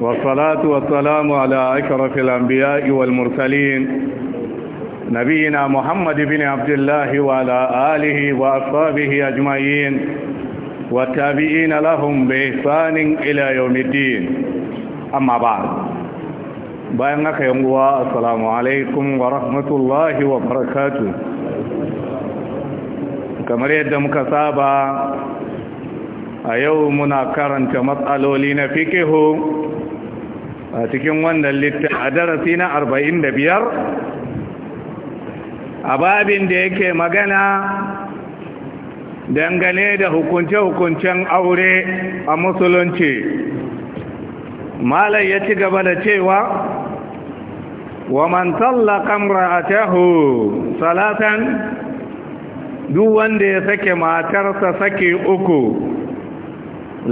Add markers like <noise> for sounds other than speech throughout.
والصلاة والسلام على أشرف الأنبياء والمرسلين نبينا محمد بن عبد الله وعلى آله وأصحابه أجمعين والتابعين لهم بإحسان إلى يوم الدين أما بعد بأنك يوم السلام عليكم ورحمة الله وبركاته كما yadda muka أيوم a yau muna a cikin wannan littafin a darasi na arba'in da biyar a babin da yake magana dangane da hukunce-hukuncen aure a musulunci malai ya ci gaba da cewa wa man tallaka imra'atahu salatan duk wanda ya sake matarsa sake uku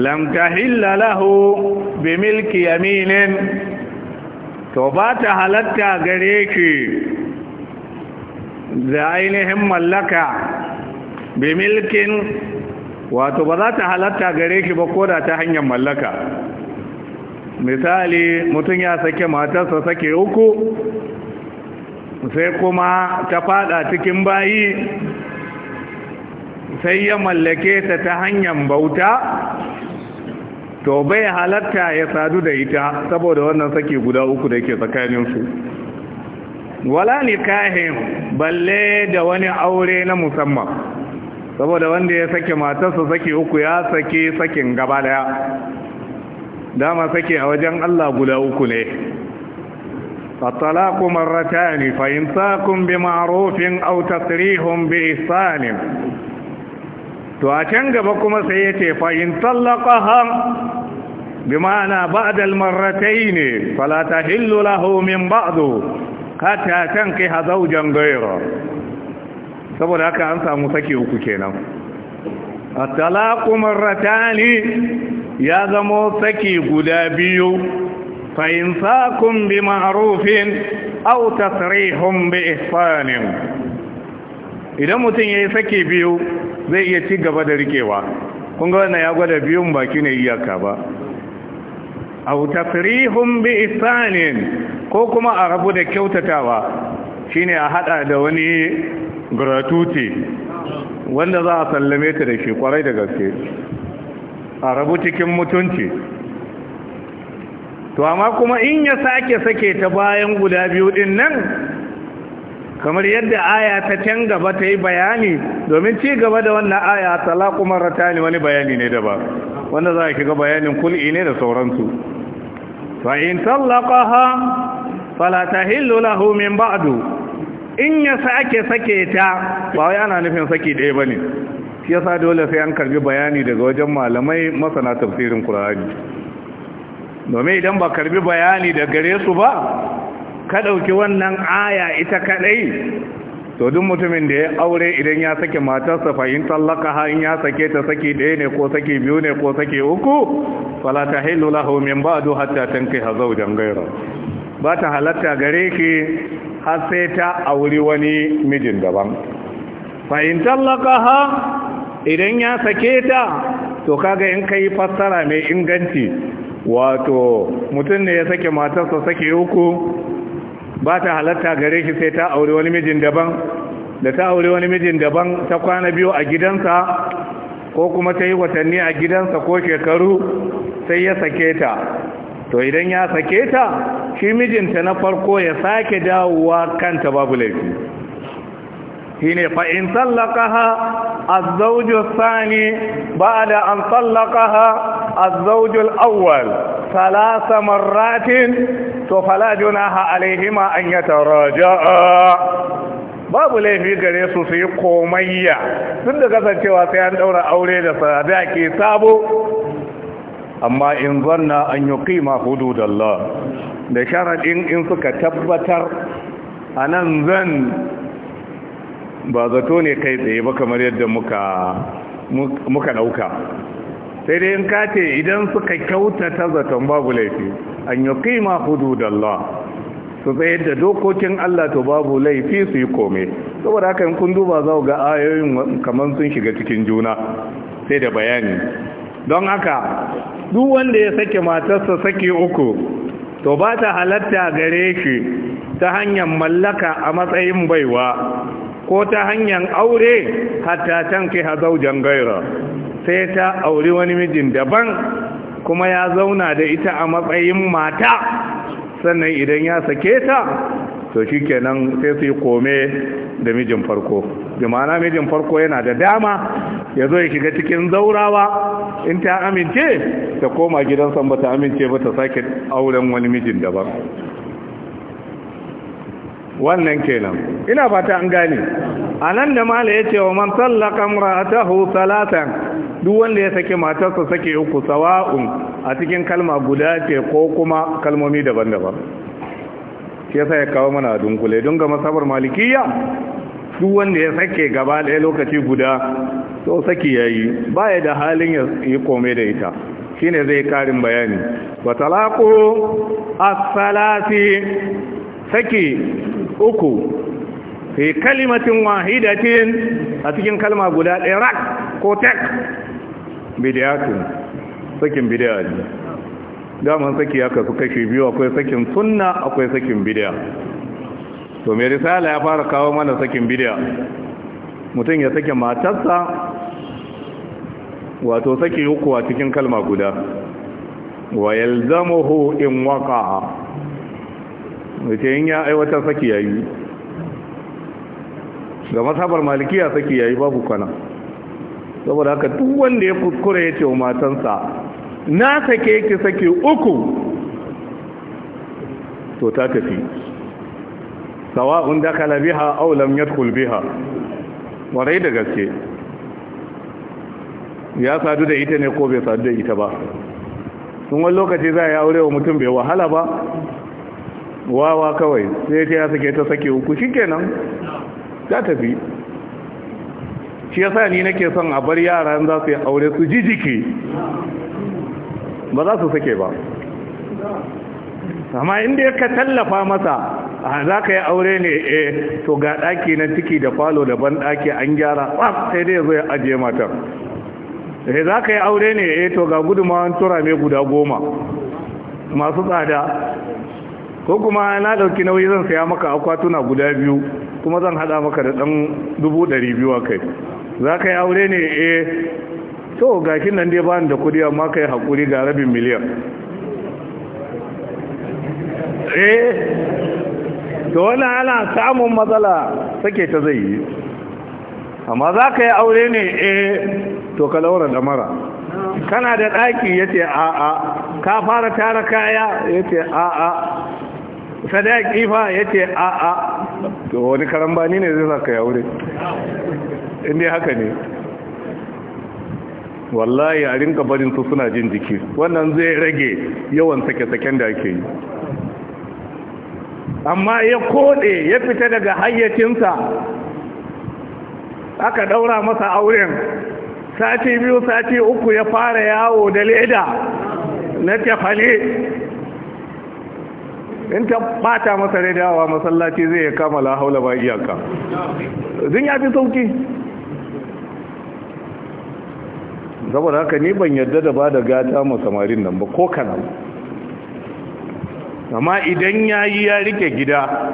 lam tahilla lahu bi milki yaminin to ba ta halatta gare ki da ainihin mallaka bi milkin wato ba za ta halatta gare shi ba koda ta hanyar mallaka misali mutum ya sake matarsa sake uku sai kuma ta faɗa cikin bayi sai ya mallake ta ta hanyar bauta to bai halatta ya sadu da ita saboda wannan saki guda uku da ke tsakaninsu wala nikahin balle da wani aure na musamman saboda wanda ya sake matarsa saki uku ya sake sakin gaba daya dama sake a wajen Allah guda uku ne الطلاق مرتان فإنساكم aw tasrihum bi بإحسان to a can gaba kuma sai ya ce fa'in tallaka ha bi ma'ana ba'adal marratai ne falata hillu lahu min ba'adu hata can kai hazaujan gaira saboda haka an samu sake uku kenan a talaku marratani ya zamo sake guda biyu فإنساكم بمعروف أو تصريح بإحسان إذا متن يسكي بيو zai iya ci gaba da rikewa kun ga wannan ya gwada biyun baki ne iyaka ba aw tafrihum bi ihsanin ko kuma a rabu da kyautatawa shine a hada da wani gratuity wanda za a sallame ta da shi kwarai da gaske a rabu cikin mutunci to amma kuma in ya sake sake ta bayan guda biyu din nan kamar yadda aya ta can gaba ta yi bayani domin ci gaba da wannan aya rata ne wani bayani ne da ba wanda za a shiga bayanin kul'i ne da sauransu Ba in ha fala hillu lahu min in ya sake sake ta ba wai ana nufin saki ɗaya ba ne, shi ya sa dole sai an karbi bayani daga wajen malamai masana tafsirin kur'ani domin idan ba karbi bayani da gare su ba ka ɗauki wannan aya ita kaɗai to duk mutumin da ya aure idan ya sake matarsa fahim tallaka ha in ya sake ta saki ɗaya ne ko saki biyu ne ko saki uku fala ta hailu lahu min ba'du hatta tankiha zaujan gaira? ba ta halatta gare ki har sai ta auri wani mijin daban fahim tallaka ha idan ya sake ta to kaga in kai fassara mai inganci wato mutum ne ya sake matarsa sake uku ba ta halatta gare shi sai ta aure wani mijin daban da ta aure wani mijin daban ta kwana biyu a gidansa ko kuma ta yi watanni a gidansa ko shekaru sai ya sake ta to idan ya sake ta shi mijinta na farko ya sake dawowa kanta babu laifi ne fa in sallaqaha az-zawju ath-thani da an sallaqaha az-zawju al-awwal ثلاث مرات فلا جناح عليهما أن يتراجعا babu laifi gare su su yi komayya tun da kasancewa sai an daura aure da sadaki ke sabo amma in zanna an yi kima hududallah da sharaɗin in suka tabbatar a nan zan ba zato ne kai tsaye ba kamar yadda muka ɗauka sai dai in ka ce idan suka kyautata zaton babu laifi an yi kima hududallah su tsayar da dokokin Allah to babu laifi su yi kome saboda haka kun duba za ga ayoyin kamar sun shiga cikin juna sai da bayani don haka duk wanda ya sake matarsa sake uku to ba ta halatta gare shi ta hanyar mallaka a matsayin baiwa ko ta hanyar aure hatta can tanki hazaujan gaira sai ta auri wani mijin daban kuma ya zauna da ita a matsayin mata sannan idan ya sake ta to shi kenan sai su yi kome da mijin farko bi ma'ana mijin farko yana da dama ya zo ya shiga cikin zaurawa in ta amince ta koma gidansa ba ta amince ba ta sake auren wani mijin daban wannan kenan ina fata an gane anan da mala ya ce wa man sallaka imra'atahu salatan duk wanda ya sake matarsa sake uku sawa'un a cikin kalma guda ce ko kuma kalmomi daban-daban shi yasa ya kawo mana dunkule don ga masabar malikiya duk wanda ya sake gaba ɗaya lokaci guda to saki yayi baya da halin ya yi kome da ita shine zai karin bayani wa talaqu as-salati saki uku fi kalimatin wahidatin a cikin kalma guda ɗaya rak ko tek bidiyatun sakin bidiya ne daman saki aka su kashe biyu akwai sakin sunna akwai sakin bidiya to mai risala ya fara kawo mana sakin bidiya mutum ya sake matarsa wato saki uku a cikin kalma guda wa yalzamuhu in waka. wace yin ya aiwatar saki yayi ga masabar malikiya saki yayi babu kwana saboda haka duk wanda ya kuskure ya ce wa matansa na sake ki saki uku to ta tafi sawa'un dakala biha aw lam yadkhul biha warai da gaske ya sadu da ita ne ko bai sadu da ita ba sun wani lokaci za a yi aure wa mutum bai wahala ba wawa kawai sai ta ya sake ta sake uku shikenan ta tafi shi yasa ni nake son a bar yara za su yi aure su ji jiki ba za su sake ba amma inda ya ka tallafa masa za ka yi aure ne eh to ga ɗaki na ciki da falo da ban ɗaki an gyara ɓaf sai dai zo ya ajiye matar eh za ka yi aure ne eh to ga gudunmawan tura mai guda goma masu tsada ko kuma na ɗauki nauyi zan saya maka akwatuna guda biyu kuma zan haɗa maka da ɗan dubu ɗari biyu a kai za ka yi aure ne eh to kin nan dai bani da kuɗi amma ka yi haƙuri ga rabin miliyan eh to wani ana samun matsala sake ta zai yi amma za ka yi aure ne eh to ka laura da mara. kana da ɗaki ya ce a'a ka fara tara kaya ya ce a'a sadaki fa ya ce a a to wani karambani ne zai saka yaure? inda haka ne wallahi a rinka barin su suna jin jiki wannan zai rage yawan sake-saken da ake yi amma ya kode ya fita daga hayyacinsa aka daura masa auren sati biyu sati uku ya fara yawo da leda na tafale. in ta bata masa rai dawa masallaci zai ya kama la haula ba iyaka zin ya fi sauki saboda haka ni ban yadda da ba da gata ma samarin nan ba ko kana amma idan ya yi ya rike gida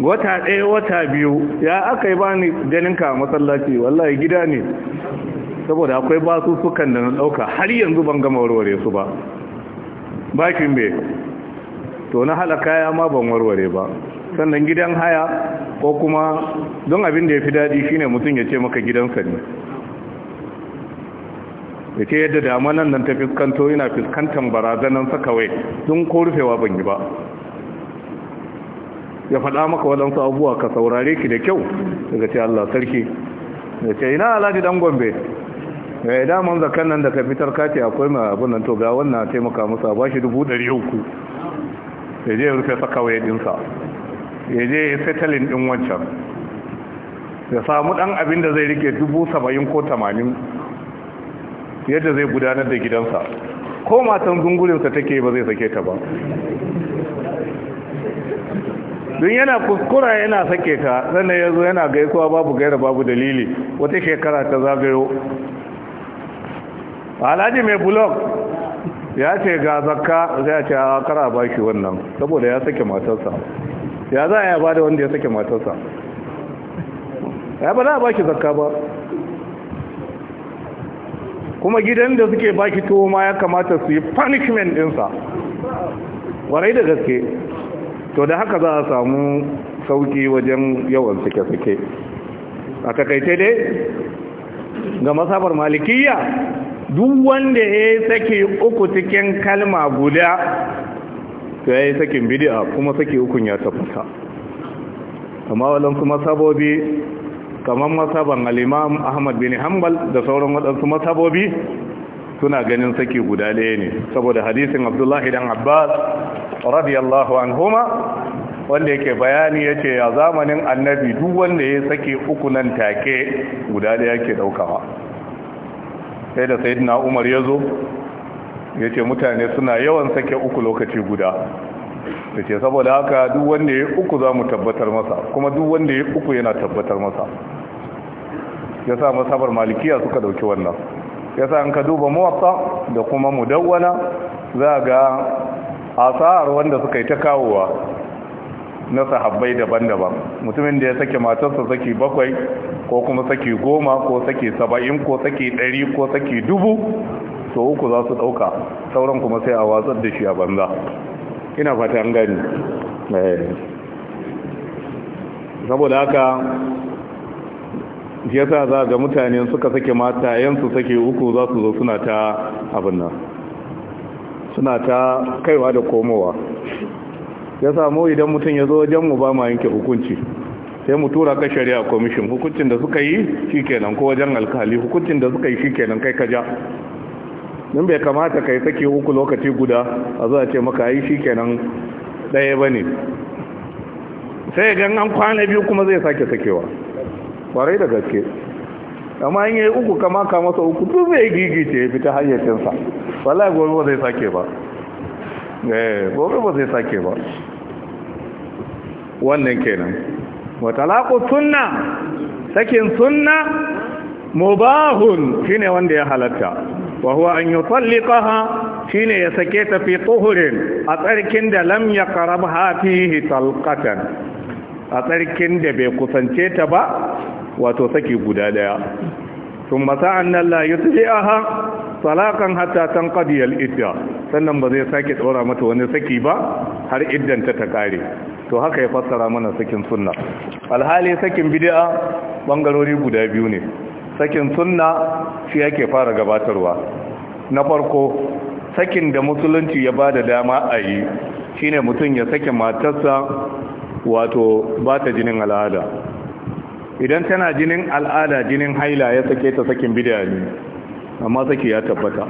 wata ɗaya wata biyu ya aka yi ba ni a masallaci wallahi gida ne saboda akwai basu sukan da na ɗauka har yanzu ban gama warware su ba bakin bai to na hala kaya ma ban warware ba sannan gidan haya ko kuma don abin da ya fi daɗi shine mutum ya ce maka gidansa ne ya ce yadda damanan nan ta fuskanto yana fuskantar barazanar sa kawai don ko rufewa ban yi ba ya faɗa maka waɗansu abuwa ka saurare ki da kyau daga ce Allah sarki da ce ina alhaji dan gombe ya yi daman zakan nan da ka fitar kati akwai mai abin nan to ga wannan taimaka musa ba shi dubu ɗari uku ya je rufe sakawai dinsa ya je ya setalin din wancan ya samu dan abin da zai rike dubu saba'in ko tamanin yadda zai gudanar da gidansa ko matan zungulinsa take ba zai sake ta ba don yana kuskura yana sake ta sannan ya zo yana gaisuwa babu gaira babu dalili wata shekara ta zagayo alhaji mai blog ya ce ga zakka zai ce a kara ba shi wannan saboda ya sake matarsa ya za a ya bada wanda ya sake matarsa ya ba za a ba shi zakka ba kuma gidan da suke ba shi tuwo ma ya kamata su yi punishment ɗinsa warai da gaske to da haka za a samu sauki wajen yawan suke-suke a takaice dai ga masabar malikiya duk wanda ya yi saki uku cikin kalma guda to ya yi sakin bidi'a kuma saki ukun ya tabbata amma waɗansu masabobi kamar masaban al'imam ahmad bin hanbal da sauran waɗansu masabobi suna ganin saki guda ɗaya ne saboda hadisin abdullahi dan abbas radiyallahu anhuma wanda yake bayani ya ce a zamanin annabi duk wanda ya sake uku nan take guda ɗaya ke ɗaukawa sai da na umar ya zo ya ce mutane suna yawan sake uku lokaci guda da ce saboda haka duk wanda ya uku za mu tabbatar masa kuma duk wanda ya uku yana tabbatar masa ya sa masabar malikiya suka dauki wannan ya sa an ka duba muwatsa da kuma mudawwana za ga asar wanda suka yi ta kawowa na sahabbai daban-daban mutumin da ya sake matarsa saki bakwai ko kuma saki goma ko saki saba'in ko saki ɗari ko saki dubu to uku za su ɗauka sauran kuma sai a watsar da shi a banza ina fata an gani eh. saboda haka yasa za ga mutane suka sake mata yansu sake uku za su zo suna ta abin nan suna ta kaiwa da komowa ya samu idan mutum ya zo wajen mu ba ma yanke hukunci sai mu tura ka shari'a commission hukuncin da suka yi shikenan ko wajen alkali hukuncin da suka yi shikenan kai ka ja don bai kamata kai sake uku lokaci guda a zuwa ce maka yi shikenan ɗaya ba ne sai gan an kwana biyu kuma zai sake sakewa kwarai da gaske amma in yi uku kama ka masa uku duk zai gigice ya fita hayyacinsa wallahi gobe ba zai sake ba Eh, gobe ba zai sake ba wannan kenan watalaku sunna sakin sunna mubahun shine wanda ya halatta wa huwa an yutalliqaha shine ya sake ta fi tuhurin a tsarkin da lam yaqrabha fihi talqatan a tsarkin da bai kusance ta ba wato saki guda daya thumma sa'anna la yutli'aha talakan hatta tan qadiyal idda sannan ba zai sake dora mata wani saki ba har iddan ta kare to haka ya fassara mana sakin sunna alhali sakin bid'a bangarori guda biyu ne sakin sunna shi yake fara gabatarwa na farko sakin da musulunci ya bada dama a yi shine mutum ya sake matarsa wato ba ta jinin al'ada idan tana jinin al'ada jinin haila ya sake ta sakin bid'a ne amma sake ya tabbata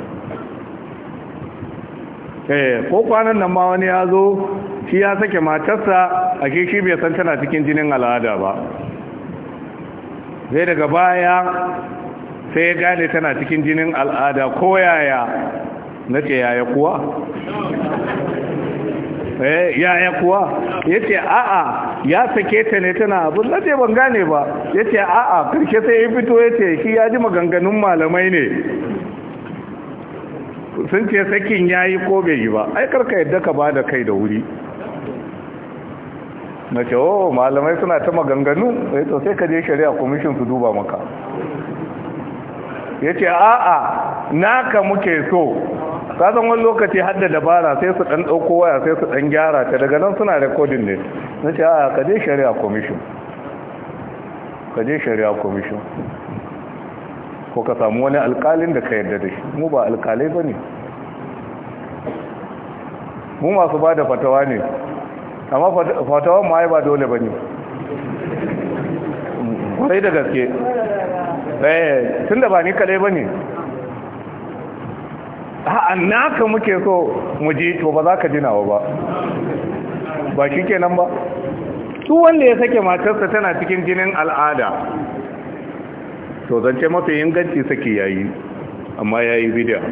eh ko kwanan nan ma wani ya zo shi ya sake matarsa a shi bai san tana cikin jinin al'ada ba sai daga baya sai ya gane tana cikin jinin al'ada ko yaya na ce yaya kuwa <laughs> eh, yaya kuwa ya a'a ya sake ta ne tana abin laje ban gane ba ya ce a'a karshe sai ya fito ya ce shi ya ji maganganun malamai ne sun ce sakin ya yi ko bai yi ba ai karka yadda ka ba da kai da wuri na ce o oh, malamai suna ta maganganu ya eh, to sai ka je shari'a kwamishin su duba maka ya ce a'a naka muke so ka san wani lokaci hadda dabara sai su dan dauko waya sai su dan gyara ta daga nan suna recording ne na ce a ka je shari'a commission ka je shari'a commission ko ka samu wani alkalin da ka yarda da shi mu ba alkalai ba ne mu masu ba da fatawa ne amma fatawan ma ba dole ba ne kwarai da gaske eh, tun da ba ni kalai ba ne a naka muke so mu ji to ba za ka jinawa ba ba shi kenan ba su wanda ya sake matarsa tana cikin jinin al'ada to zance mafi inganci saki yayi amma yayi bidiya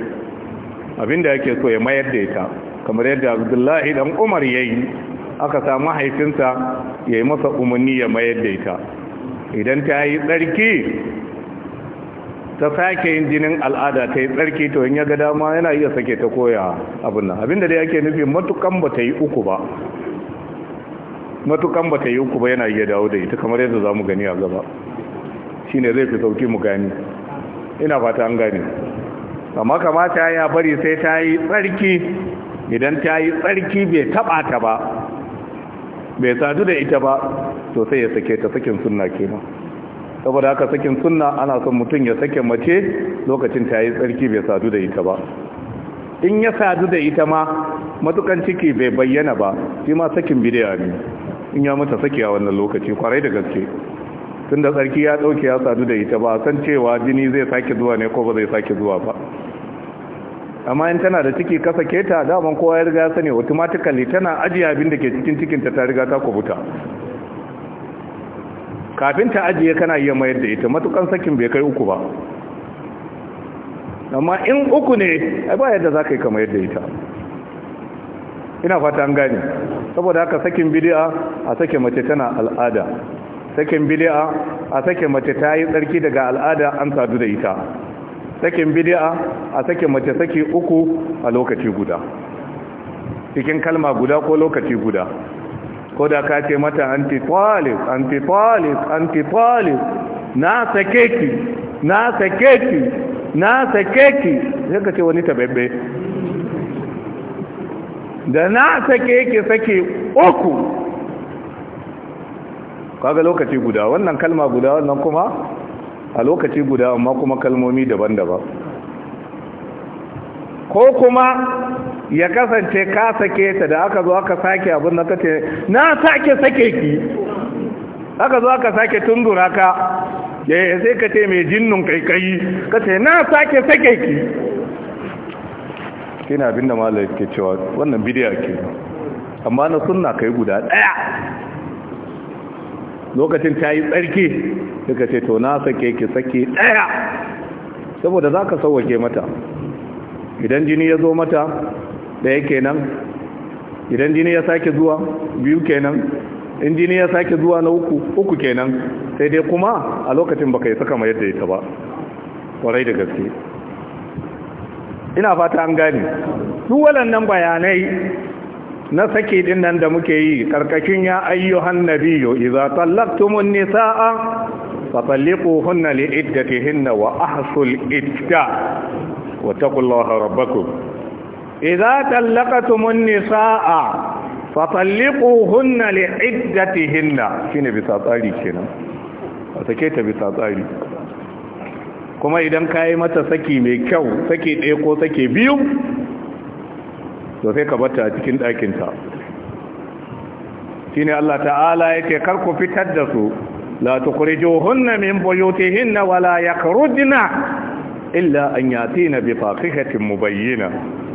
abinda yake so ya mayar da ita kamar yadda abdullahi dan umar yayi aka samu haifinsa yi masa umarni ya mayar da ita idan ta yi tsarki ta sake yin jinin al'ada ta yi tsarki to in ya ga dama yana iya sake ta koya abin nan abinda dai ake nufi matukan ba ta yi uku ba matukan ba ta yi uku ba yana iya dawo da ita kamar yadda za mu gani a gaba shine zai fi sauki mu gani ina fata an gani amma kamata ya bari sai ta yi tsarki idan ta yi tsarki bai taba ta ba bai sadu da ita ba to sai ya sake ta sakin sunna kenan saboda haka sakin sunna ana son mutum ya sake mace lokacin ta yi tsarki bai sadu da ita ba in ya sadu da ita ma matukan ciki bai bayyana ba shi ma sakin bidiya ne in ya mata saki a wannan lokaci kwarai da gaske tun da tsarki ya dauke ya sadu da ita ba san cewa jini zai sake zuwa ne ko ba zai sake zuwa ba amma in tana da ciki ka sake ta daman kowa ya riga ya sani automatically tana ajiye abin da ke cikin cikinta ta riga ta kubuta kafin ta ajiye kana iya mayar da ita matukan sakin bai kai uku ba amma in uku ne ai ba yadda za ka yi ka mayar ita ina fata an gane saboda haka sakin bidi'a a sake mace tana al'ada sakin bidi'a a sake mace ta yi tsarki daga al'ada an sadu da ita sakin bidi'a a sake mace sake uku a lokaci guda cikin kalma guda ko lokaci guda ko da ka ce mata antipolis, antipolis, antipolis. na sake ki na sake ki na sake ki sai ka ce wani tabebe da na sake ki sake uku kaga lokaci guda wannan kalma guda wannan kuma a lokaci guda amma kuma kalmomi daban-daban ko kuma ya kasance ka sake ta da aka zo aka sake abin da kace na sake sake ki aka zo aka sake tundura ka eh sai ka ce mai jinnun kaikayi kace na sake sake ki kina abinda malai ke cewa wannan bidiyo ke amma na sunna kai guda daya lokacin ta yi tsarki suka ce to na sake ki sake daya saboda za ka sauwake mata idan jini ya zo mata Ɗaya kenan nan idan jini ya sake zuwa biyu kenan in jini ya sake zuwa na uku uku kenan sai dai kuma a lokacin baka yi saka mai yadda ita ba kwarai da gaske ina fata an gane duk waɗannan bayanai na saki din nan da muke yi karkashin ya ayyuhan nabiyyu iza tallaktumun nisaa fatalliquhunna liiddatihinna wa ahsul idda wa taqullaha rabbakum idza tallaqatumun nisaa fa talliquhunna li iddatihinna shine bisa tsari kenan a sake ta bisa tsari kuma idan kayi mata saki mai kyau sake ɗaya ko sake biyu to sai ka bata a cikin ɗakinta shine Allah ta'ala ya ce kar ku fitar da su la tukhrijuhunna min buyutihinna wala yakhrujna illa an yatina bi faqihatin mubayyinah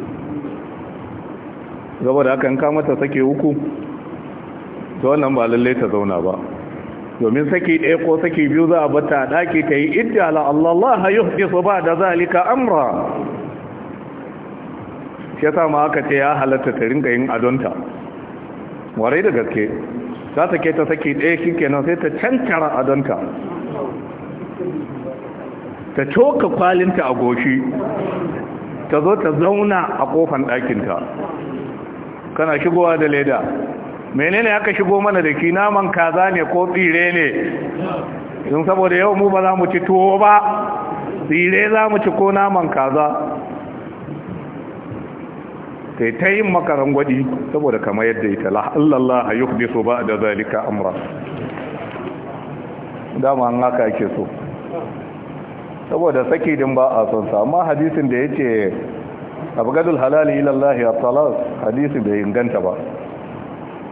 gaba da haka in ka mata sake uku to wannan ba lalle ta zauna ba domin saki ɗaya ko saki biyu za a bata ɗaki ta yi idda la Allah su ba da zalika amra shi yasa ma aka ce ya halatta ta ringa yin adonta warai da gaske za ta ke ta saki ɗaya kenan sai ta cancara adonta ta coka kwalinta a goshi ta zo ta zauna a ƙofan ɗakinta kana shigowa da leda menene aka shigo mana da ki naman kaza ne ko tsire ne don saboda yau mu ba za mu ci tuwo ba tsire za mu ci ko naman kaza kai ta yin makaran gwadi saboda kama yadda ita la'allallah a yuk ba da zalika amra dama an haka ake so saboda sakidin ba a son sa amma hadisin da yake ce abgadul halali ilallahi a talas hadisi bai inganta ba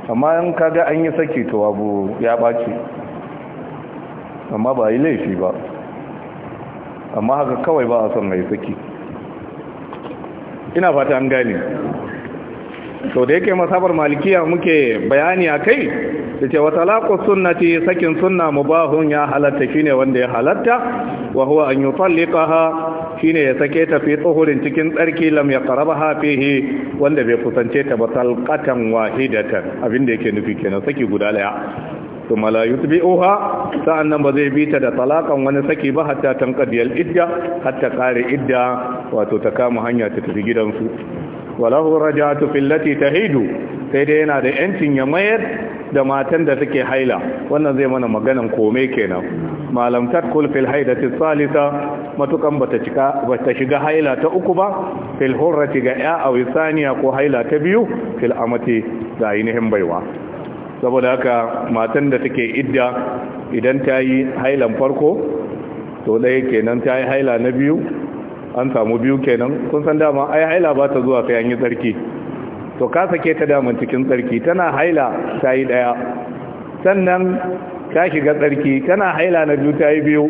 amma yan kaga an yi saki to abu ya ɓaci amma ba yi laifi ba amma haka kawai ba a son mai saki ina fata an gane Sau da yake masabar malikiya muke bayani a kai da ce wata laƙo ce sakin sunna mubahun ya halatta shine wanda ya halatta wa huwa an shi ne ya sake ta fi tsohurin cikin tsarki lam ya karaba wanda bai kusance ta ba salƙatan wahidatan abinda yake nufi kenan saki guda mala ثم لا sa'an nan ba zai bi ta da talakan wani saki ba hatta tankadiyar idda hatta kare idda wato ta kama hanya ta tafi gidansu walahu rajatu fillati tahidu sai dai yana da yancin ya mayar da matan da suke haila wannan zai mana maganan kome kenan malam tadkhul fil haidati salisa matukan bata cika bata shiga haila ta uku ba fil hurrati ga ya aw saniya ko haila ta biyu fil amati da ainihin baiwa saboda haka matan da take idda idan ta yi hailan farko to ɗaya kenan ta yi haila na biyu an samu biyu kenan kun san dama ai haila ba ta zuwa sai an yi tsarki to ka sake ta daman cikin tsarki tana haila ta yi ɗaya sannan ta shiga tsarki tana haila na biyu ta yi biyu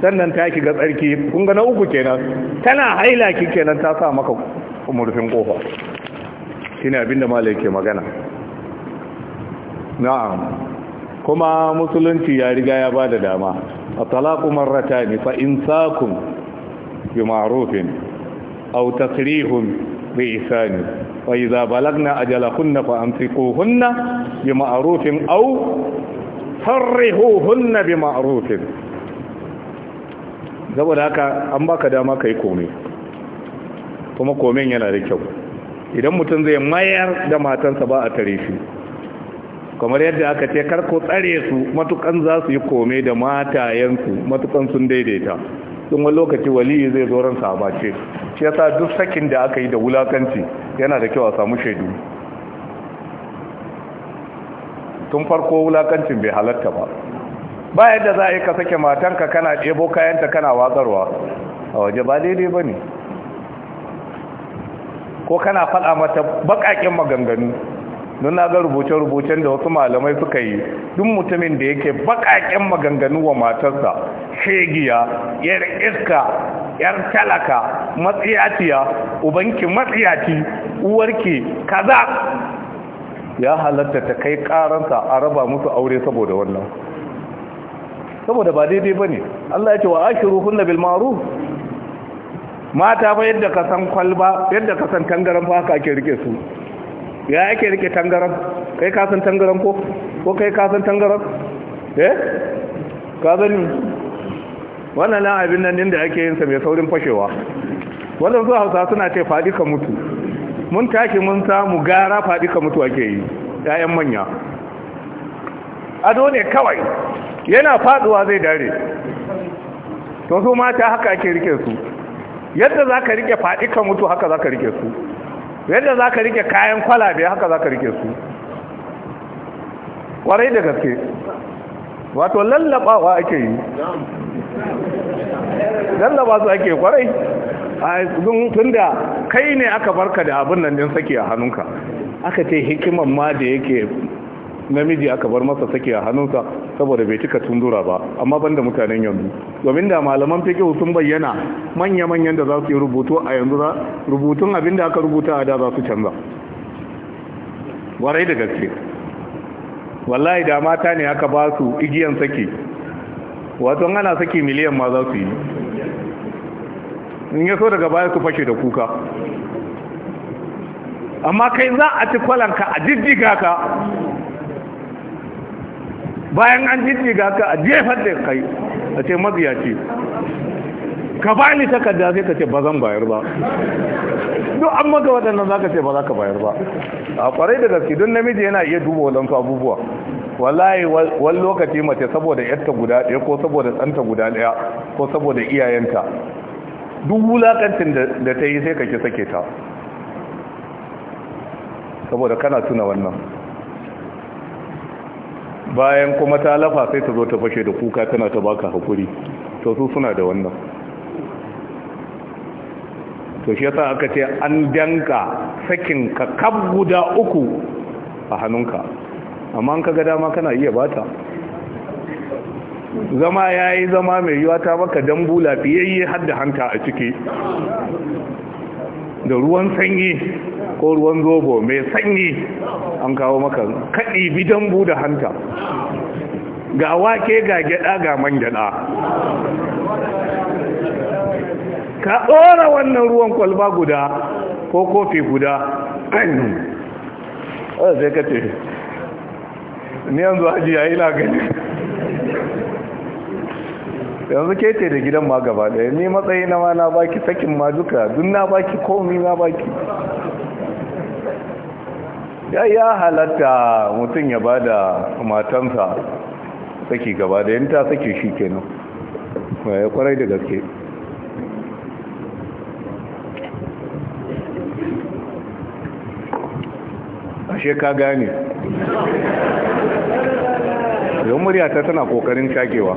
sannan ta shiga tsarki kun ga na uku kenan tana haila ki kenan ta sa maka murfin kofa ne abinda malai ke magana na'am kuma musulunci ya riga ya bada dama a talaku marrata ne fa in sakun بمعروف أو تصريح بإحسان وإذا بلغنا أجلهن فأمسكوهن بمعروف أو صرحوهن بمعروف saboda haka an baka dama yi kome kuma komen yana da kyau idan mutum zai mayar da matansa ba a tare shi kamar yadda aka ce karko tsare su matukan za su yi kome da matayensu matukan sun daidaita don wani lokaci Waliyu zai zo ransa a bace shi yasa duk sakin da aka yi da wulakanci yana da kyau a samu shaidu tun farko wulakancin bai halatta ba ba yadda za a yi ka sake matanka kana ɗebo kayanta kana watsarwa a waje ba daidai ba ne ko kana faɗa mata baƙaƙen maganganu don na ga rubuce-rubucen da wasu malamai suka yi duk mutumin da yake baƙaƙen maganganu wa matarsa shegiya yar iska yar talaka matsiyaciya ubanki matsiyaci uwarki kaza ya halatta ta kai karanta a raba musu aure saboda wannan saboda ba daidai ba ne Allah ya ce wa ashiru hunna bil ma'ruf mata ba yadda ka san kwalba yadda ka san tangaran ba haka ake rike su ya ake rike tangaran kai ka san tangaran ko ko kai ka san tangaran eh ka gani wannan na abin nan din da ake yin sa mai saurin fashewa wannan zuwa hausa suna ce fadi ka mutu mun tashi mun samu gara fadi ka mutu ake yi ƴaƴan manya ado ne kawai yana faduwa zai dare to su mata haka ake rike su yadda za ka rike fadi ka mutu haka za ka rike su yadda za ka rike kayan kwalabe haka za ka rike su kwarai da gaske wato lallabawa ake yi lallaba su ake kwarai a tun da kai ne aka barka da abin nan din saki a hannunka aka ce hikiman ma da yake namiji aka bar masa sake a hannunsa saboda bai cika tundura ba amma banda mutanen yanzu domin da malaman fiqh sun bayyana manya-manyan da za su yi rubutu a yanzu rubutun abin da aka rubuta a da za su canza warai da gaske wallahi da mata ne aka ba su igiyan saki wato ana saki miliyan ma za su yi in yaso daga baya su fashe da kuka amma kai za a ci kwalanka a jijjiga ka bayan an jijjiga ka a jefar da kai a ce mabiyaci ka ba ni takarda sai ka ce ba zan bayar ba duk an maka waɗannan za ka ce ba za ka bayar ba a kwarai da gaske don namiji yana iya duba waɗansu abubuwa wallahi wani lokaci mace saboda yadda guda ɗaya ko saboda tsanta guda ɗaya ko saboda iyayenta duk wulaƙancin da ta yi sai ka ki sake ta saboda kana tuna wannan bayan kuma ta lafa sai ta zo ta fashe da kuka tana ta baka hakuri to su suna da wannan to shi yasa aka ce an danka sakin ka kab guda uku a hannunka amma an kaga dama kana iya bata zama yayi zama mai yiwa ta maka dambu lafiyayye har da hanta a ciki da ruwan sanyi ko ruwan zobo mai sanyi an kawo maka kaɗi bidan da hanta ga wake ga gyada ga man gyada ka ɗora wannan ruwan kwalba guda ko kofi guda wadda sai yanzu haji ya yi yanzu ke ce da gidan ma gaba daya ni matsayi na ma na baki sakin ma duka dun na baki komi na baki ya ya halatta mutum ya bada matansa saki gaba da ta saki shi kenan ya kwarai da gaske ashe ka gane don muryata tana kokarin cakewa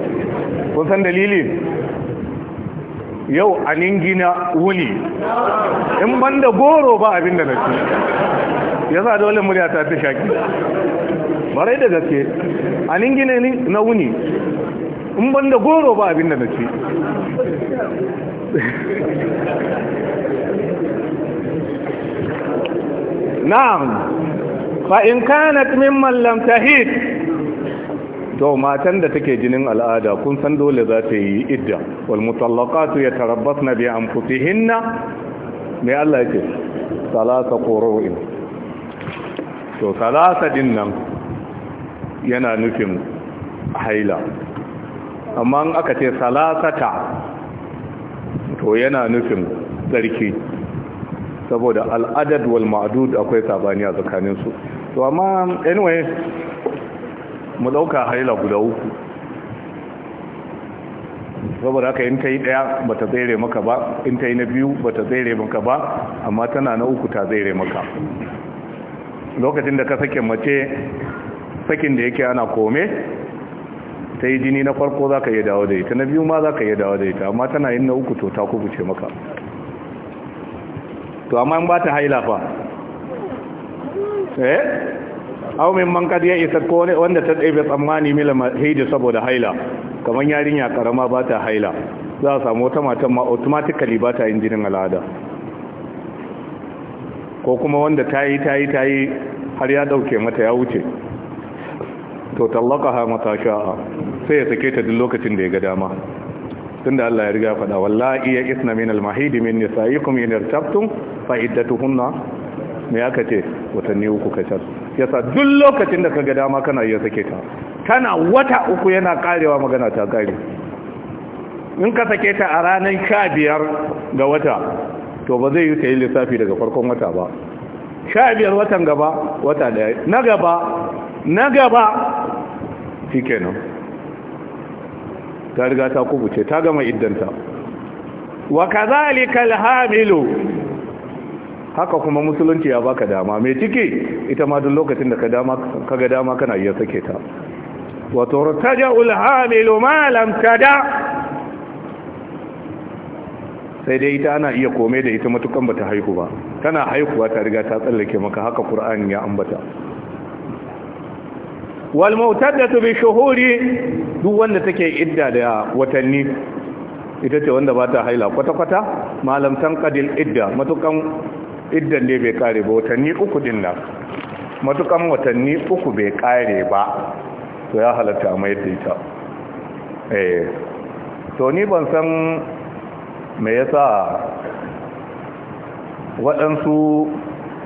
kun san dalili yau a ningina wuni in ban da goro ba abin da ci, ya sa dole muryata ta shaki marai da gaske a ningina na wuni in ban da goro ba abin da ci. na'am fa in kanat mimman lam tahid to matan da take jinin al'ada kun san dole za ta yi idda wal mutallaqatu yatarabbasna bi anfusihinna mai Allah yake salasa qurun to salasa din yana nufin haila amma in aka ce salasata to yana nufin tsarki saboda al'adad wal ma'dud akwai sabani a tsakaninsu to amma anyway mu dauka haila guda uku saboda haka in ta yi daya ba ta tsere maka ba in ta yi na biyu ba ta tsere maka ba amma tana na uku ta tsere maka lokacin da ka sake mace sakin da yake ana kome ta yi jini na farko za ka yi dawo da ita na biyu ma za ka yi dawo da ita amma tana yin na uku to ta kubuce maka to amma in ba ta haila fa eh Au min man kad ya isa ko wanda ta ɗebe tsammani mila mahidi saboda haila kamar yarinya karama ba ta haila za a samu wata matan ma automatically ba ta yin jinin al'ada ko kuma wanda ta yi ta yi ta yi har ya ɗauke mata ya wuce to tallaka ha mata sha'a sai ya sake ta duk lokacin da ya ga dama tunda Allah ya riga faɗa wallahi ya isna min al-mahidi min nisa'ikum in irtabtum fa iddatuhunna me aka ce watanni uku kacal yasa duk lokacin da ka ga dama kana iya sake ta tana wata uku yana karewa magana ta kare in ka sake ta a ranar sha biyar ga wata to ba zai yi ta yi lissafi daga farkon wata ba sha biyar watan gaba wata daya na gaba na gaba shi kenan ta riga ta kubuce ta gama iddanta wa kazalika alhamilu haka kuma musulunci ya baka dama mai ciki ita ma duk lokacin da ka ga dama kana iya sake ta wato rataja ulhamilu ma lam tada sai dai ita ana iya kome da ita matukan bata haihu ba tana haihuwa ta riga ta tsallake maka haka qur'ani ya ambata wal mautaddatu bi shuhuri duk wanda take idda da watanni ita ce wanda bata haila kwata-kwata malamtan kadil idda matukan iddan ne bai kare ba watanni uku din nan matukan watanni uku bai kare ba to ya halatta a mai da ita eh to ni ban san me yasa waɗansu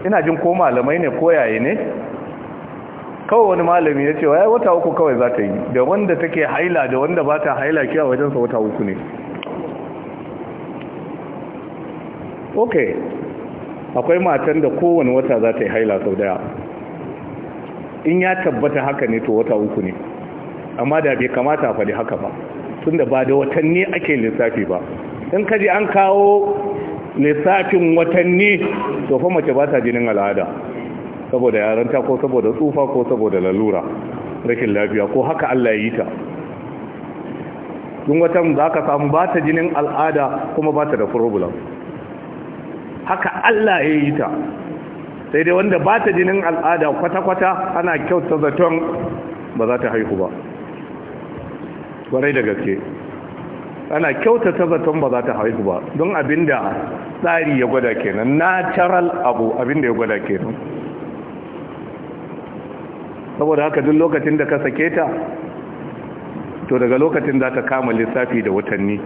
ina jin ko malamai ne ko yayi ne kawai wani malami ya ce wai wata uku kawai za ta yi da wanda take haila da wanda ba ta haila kiya wajensa wata uku ne ok akwai matan da kowane wata za ta yi haila sau daya in ya tabbata haka ne to wata uku ne amma da bai kamata a faɗi haka ba tun da ba da watanni ake lissafi ba in kaji an kawo lissafin watanni to fa mace ba ta jinin al'ada saboda yaranta ko saboda tsufa ko saboda lalura rashin lafiya ko haka Allah ya yi ta tun watan za ka samu ba ta jinin al'ada kuma ba ta da problem haka Allah ya yi ta sai dai wanda ba ta jinin al'ada kwata-kwata ana kyauta zaton ba za ta haihu ba warai da gaske ana kyauta ta zaton ba za ta haihu ba don abinda tsari ya gwada kenan natural abu abinda ya gwada kenan saboda haka duk lokacin da ka sake ta to daga lokacin za ta kama lissafi da watanni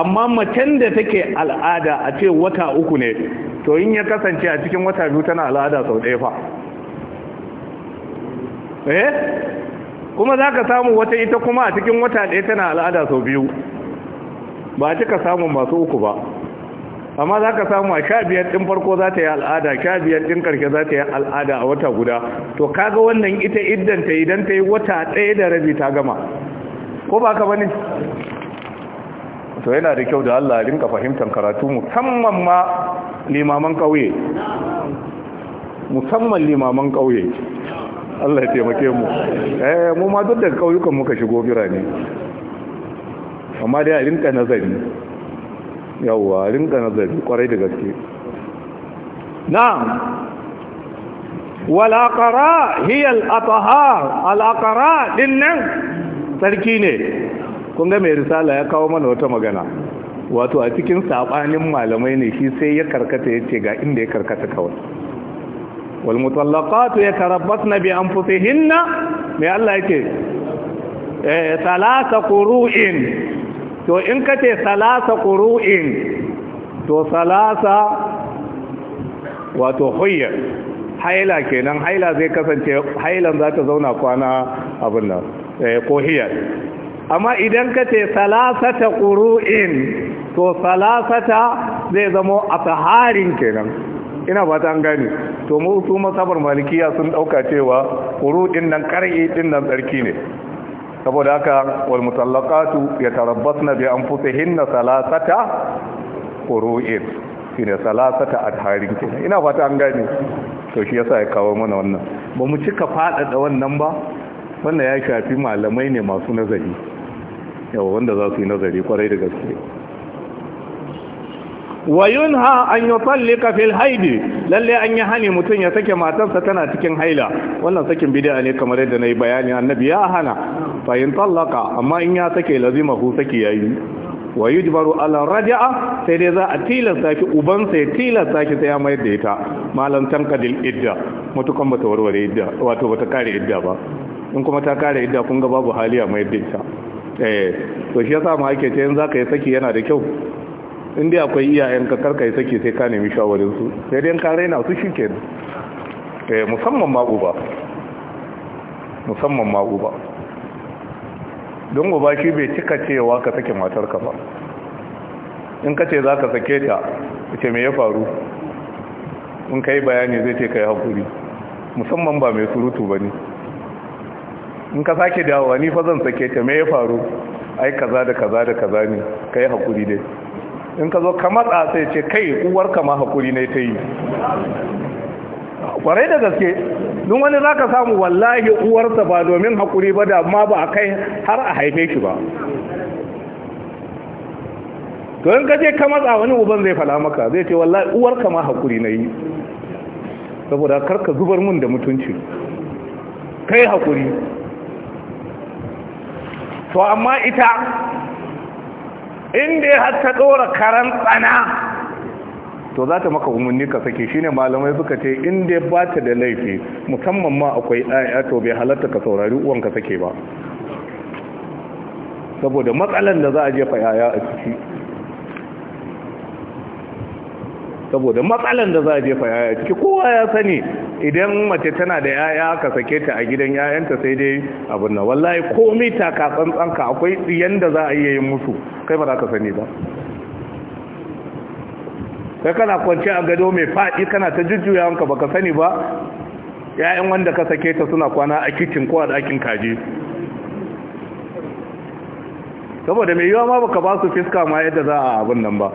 amma macen da take al'ada a ce wata uku ne to in ya kasance a cikin wata biyu tana al'ada sau ɗaya fa eh kuma za ka samu wata ita kuma a cikin wata ɗaya tana al'ada sau biyu ba a cika samun masu uku ba amma za ka samu a sha biyar ɗin farko za ta yi al'ada sha biyar ɗin ƙarshe za ta yi al'ada a wata guda to kaga wannan ita idan ta yi wata ɗaya da rabi ta gama ko ba ka bane to yana da kyau da Allah rinka fahimtar karatu musamman ma limaman kauye musamman limaman kauye Allah ya taimake mu eh mu ma duk da kauyukan muka shigo birane amma dai a rinka nazari yawa a rinka nazari kwarai da gaske na'am al hiyar al alakara din nan sarki ne kun ga mai risala ya kawo mana wata magana wato a cikin sabanin malamai ne shi sai ya karkata ya ce ga inda ya karkata kawai wal mutallaqatu yatarabbasna bi anfusihinna mai Allah yake eh salasa kuru'in, to in ka ce salasa kuru'in to salasa wato huyya haila kenan haila zai kasance hailan za ta zauna kwana abin nan eh ko hiyar amma idan ka ce salasata ƙuru'in to salasata zai zama a taharin kenan ina ba ta gani to mu su masabar malikiya sun ɗauka cewa ƙuru'in nan ƙar'i ɗin nan tsarki ne saboda haka wal biya an fusa, hinna salasata ƙuru'in ne salasata a taharin kenan ina ba ta gani to shi yasa ya kawo mana wannan ba mu cika faɗaɗa wannan ba wannan ya shafi malamai ne masu nazari kyakkyawa wanda za su yi nazari kwarai da gaske wa yunha an yutallika fil haidi lalle an yi hani mutum ya sake matarsa tana cikin haila wannan sakin bid'a ne kamar yadda na yi bayani annabi ya hana fa in tallaka amma in ya sake lazima hu saki yi. wayu Jibaru ala raja'a sai dai za a tilasta ki uban sai tilasta ki sai ya mayar da ita malam tankadil idda Matukan bata warware idda wato bata kare idda ba in kuma ta kare idda kun ga babu hali a mayar da ita eh to shi yasa ma ake ce in zaka yi saki yana da kyau in dai akwai iyayen ka karka yi saki sai ka nemi shawarin su sai dai ka raina su kenan eh musamman ma uba musamman ma uba don uba shi bai cika cewa ka matar matarka ba in ka ce za ka sake ta ce me ya faru in ka yi bayani zai ce ka yi musamman ba mai surutu ba ne in ka sake dawowa ni fa zan sake ta me ya faru ai kaza da kaza da kaza ne kai hakuri dai in ka zo ka matsa sai ce kai uwar ka ma hakuri ne ta yi kwarai da gaske don wani za ka samu wallahi uwarsa ba domin hakuri ba da ma ba a kai har a haife shi ba to in ka je ka matsa wani uban zai fala maka zai ce wallahi uwar ka ma hakuri na yi saboda karka zubar mun da mutunci kai hakuri to amma ita inda ya hatta ɗora karan tsana to za ta maka umarni ka sake shine malamai suka ce inda ba ta da laifi musamman ma akwai ɗaya to bai halatta ka saurari uwan ka sake ba saboda matsalan da za a jefa yaya a ciki saboda matsalan da za a jefa yaya ciki kowa ya sani idan mace tana da yaya ka sake ta a gidan yayanta sai dai abin nan wallahi ko mita ka tsantsanka akwai tsiyan da za a iya yin musu kai ba za ka sani ba sai kana kwance a gado mai faɗi kana ta jujjuya wanka ka sani ba ya'yan wanda ka sake ta suna kwana a kicin ko a ɗakin kaji saboda mai yiwa ma baka ba su fiska ma yadda za a abin nan ba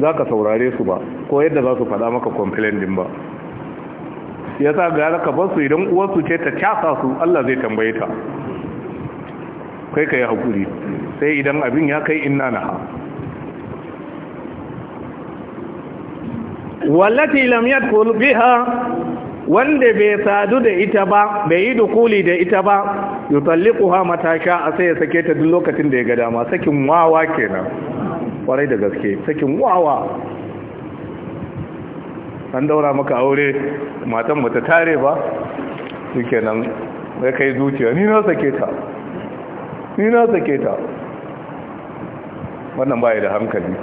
za ka saurare su ba ko yadda za su faɗa maka complain ba ya sa gara ka basu idan uwarsu ce ta casa su Allah zai tambaye ta kai ka yi haƙuri sai idan abin ya kai inna na ha wallati lam yadkhul biha wanda bai sadu da ita ba bai yi dukuli da ita ba yutalliquha matasha a sai ya sake ta duk lokacin da ya ga dama sakin wawa kenan kwarai da gaske sakin wawa an daura maka aure matan bata tare ba suke nan ya kai zuciya ni na sake ta ni na sake ta wannan baya da hankali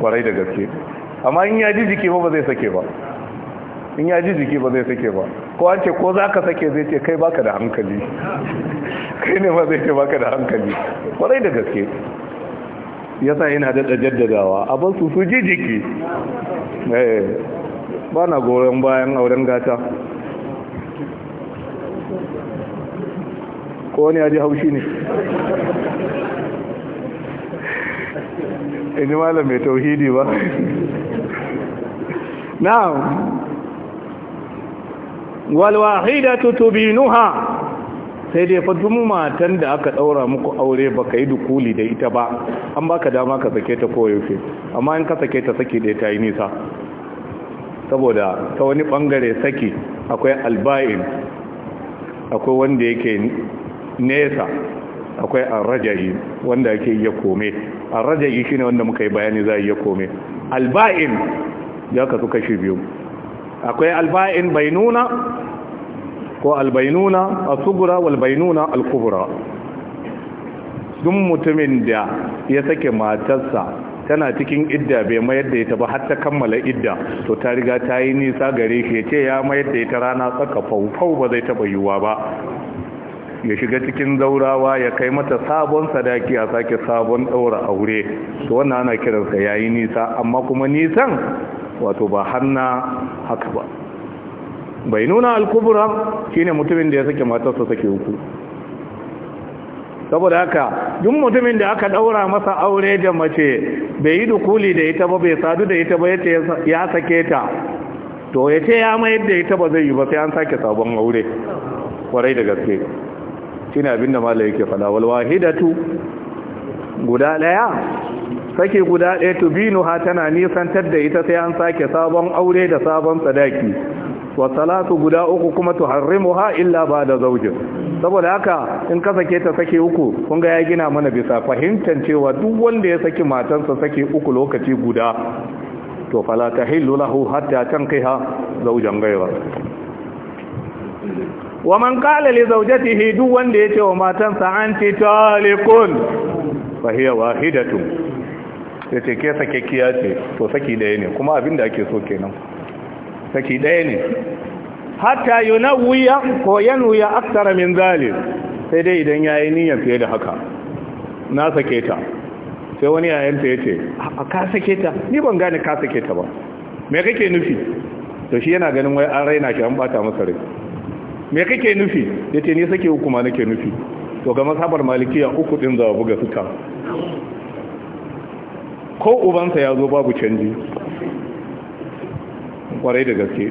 kwarai da gaske amma in ya ji jiki ba ba zai sake ba in ya ji jiki ba zai sake ba ko an ce ko za ka sake zai ce kai baka da hankali <laughs> kai ne ba zai ce baka da hankali kwarai da gaske yasa yana daɗa jaddadawa a basu su ji jiki eh, ba na goyon bayan auren gata ko wani ya ji haushi ne in ji malam mai tauhidi ba na'am walwahida tutubinuha sai dai fa duk matan da aka daura muku aure baka yi dukuli da ita ba an baka dama ka sake ta koyaushe amma in ka sake ta saki da ta yi nisa saboda ta wani bangare saki akwai alba'in akwai wanda yake nesa akwai arrajayi wanda yake iya kome shi shine wanda muka yi bayani za iya kome alba'in ya kasu kashi biyu akwai alba'in bainuna ko albainuna a tsubura walbainuna alkubura dun mutumin da ya sake matarsa tana cikin idda bai mayar da ita ba har ta kammala idda to ta riga ta yi nisa gare shi ce ya mayar da ita rana tsaka faufau ba zai taba yiwuwa ba ya shiga cikin zaurawa ya kai mata sabon sadaki a sake sabon daura aure to wannan ana kiransa yayi nisa amma kuma nisan wato ba hanna haka ba bai nuna alkubura shine mutumin da ya sake matarsa sake uku saboda haka duk mutumin da aka daura masa aure da mace bai yi dukuli da ita ba bai sadu da ita ba yace ya sake ta to yace ya mayar da ita ba zai yi ba sai an sake sabon aure kwarai da gaske shine abinda malai yake fada wal wahidatu guda daya sake guda daya tubinu ha tana nisan da ita sai an sake sabon aure da sabon sadaki wa salatu guda uku kuma tu ha illa ba da zaujin. saboda haka in ka sake ta sake uku kun ga ya gina mana bisa fahimtar cewa duk wanda ya saki matansa sake uku lokaci guda to fala tahillu lahu hatta tankiha zaujan gaira. wa man qala li zawjatihi duk wanda ya ce wa matansa anti talikun fa hiya wahidatun ce ke sake kiyace to saki daya ne kuma abinda ake so kenan saki ɗaya ne hatta wuya ko yan wuya aksara min zali sai dai idan ya yi niyyar fiye da haka na sake ta sai wani yayanta ya ce a ka sake ta ni ban gane ka sake ta ba me kake nufi to shi yana ganin wai an raina shi an bata masa rai me kake nufi ya ce ni sake hukuma nake nufi to ga masabar malikiya uku ɗin zawa buga suka ko ubansa ya zo babu canji kwarai da gaske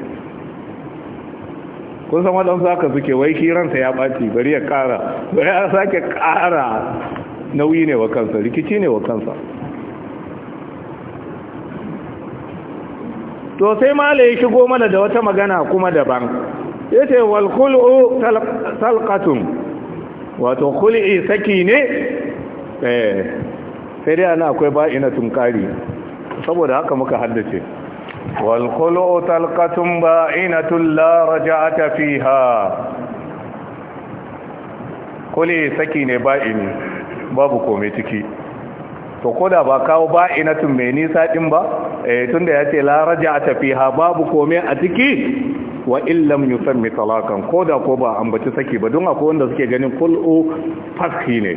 kun san waɗansu zaka suke wai shi ya baci bari ya ƙara bari ya sake ƙara nauyi ne wa kansa rikici ne wa kansa to sai mala ya shigo mana da wata magana kuma daban ya ce walkul'u salkatun wato kul'i saki ne eh, sai dai ana akwai ba'ina tunkari saboda haka muka haddace والخلع طلقة بائنة لا رجعة فيها kule saki ne ba'ini babu komai ciki to koda ba kawo ba'inatun mai nisa din ba eh tunda yace la raja'ata fiha babu komai a ciki wa illam yusammi talakan koda ko ba ambaci saki ba don akwai wanda suke ganin kul'u faski ne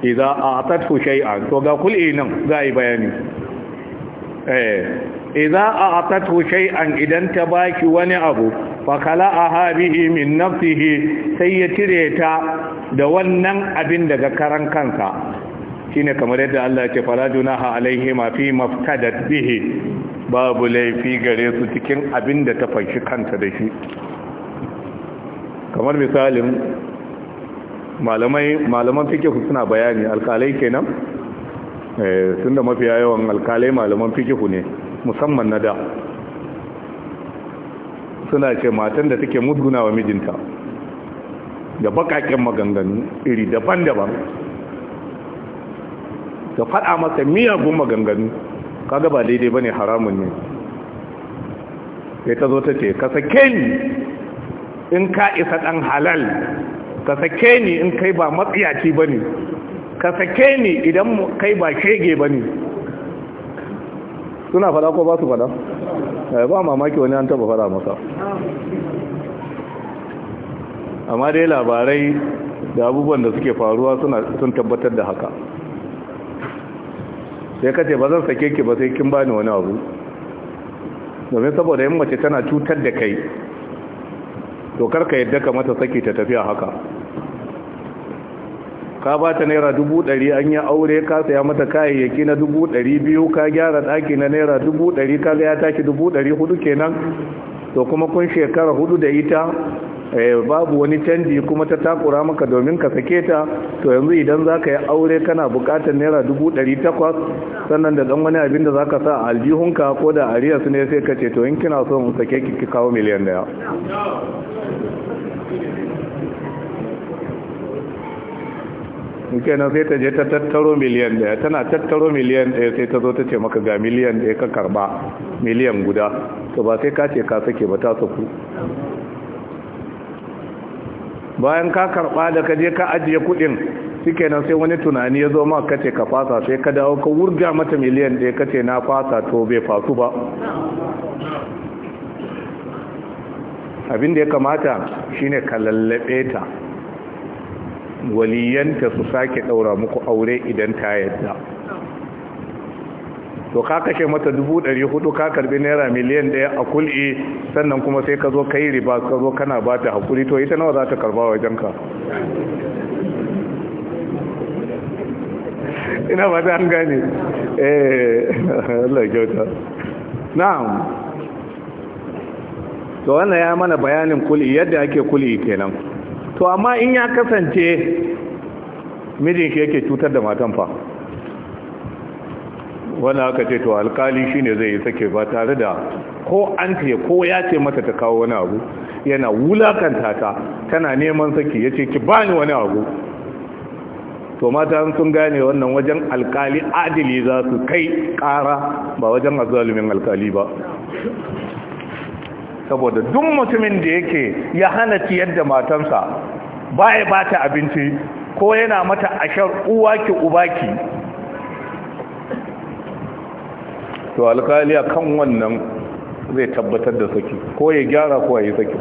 idza a'tathu shay'an to ga kul'i nan za yi bayani Eh, idza a'tatu an idan ta baki wani abu fakala a bihi min nafsihi sai ya cire ta da wannan abin daga karan kansa shine kamar yadda Allah ya ce juna junaha alaihi ma fi bihi babu laifi gare su cikin abin da ta fanshi kanta da shi kamar misalin malamai malaman fikihu suna bayani alkalai kenan sun eh, da mafiya yawan alkalai malaman fikihu ne musamman na da suna ce matan da take musguna wa mijinta da bakaken maganganu iri daban-daban da faɗa masa miyagun maganganu kaga ba daidai ba ne haramun ne sai ta zo ta ce ka sake ni in ka isa ɗan halal ka sake ni in kai ba matsiyaci ne. ka sake ni idan kai ba shege ba ne suna fada ko ba su fada eh, ba mamaki wani an taba fada masa amma dai labarai da abubuwan da suke faruwa sun tabbatar da haka sai kace ba zan sake ki ba sai kin bani wani abu domin saboda yin mace tana cutar da kai to ka yadda ka mata saki ta tafiya haka ka ba ta naira dubu ɗari an yi aure ka saya mata kayayyaki na dubu ɗari biyu ka gyara ɗaki na naira dubu ɗari ka ya taki dubu ɗari hudu kenan to kuma kun shekara hudu da ita eh, babu wani canji kuma ta takura maka domin ka sake ta to yanzu idan za ka yi aure kana bukatar naira dubu ɗari takwas sannan da ɗan wani abin da za ka sa a aljihunka ko da su ne sai ka ce to in kina son sake ki kawo miliyan daya kenan sai ta je ta tattaro miliyan daya tana tattaro miliyan daya sai ta zo ta ce maka ga miliyan daya ka karba miliyan guda to ba sai ka ce ka sake ba ta saku bayan ka karba da ka je ka ajiye kudin nan sai wani tunani ya zo ma ka ce ka fasa sai ka dawo ka wurga mata miliyan daya ka ce na fasa to bai fasu ba abin da ya kamata shine ka lallabe ta waliyanta su sake daura muku aure idan ta yadda to ka kashe mata dubu ɗari ka karbi naira miliyan ɗaya a kul'i sannan kuma sai ka zo kai riba ka zo kana ba ta hakuri to ita nawa za ta karba wajen ka ina ba ta an gane eh Allah kyauta na'am to wannan ya mana bayanin kul'i yadda ake kul'i kenan to amma in ya kasance mijin shi yake cutar da matan fa wanda aka ce to alkali shine zai yi sake ba tare da ko an ce ko ya ce mata ta kawo wani abu yana wulakanta ta tana neman saki ya ce ki bani wani abu to mata sun gane wannan wajen alkali adili za su kai kara ba wajen azalumin alkali ba saboda duk mutumin da yake ya hana ciyar da matansa baya bata abinci ko yana mata ashar uwaki ubaki to alkali kan wannan zai tabbatar da saki ko ya gyara ko ya saki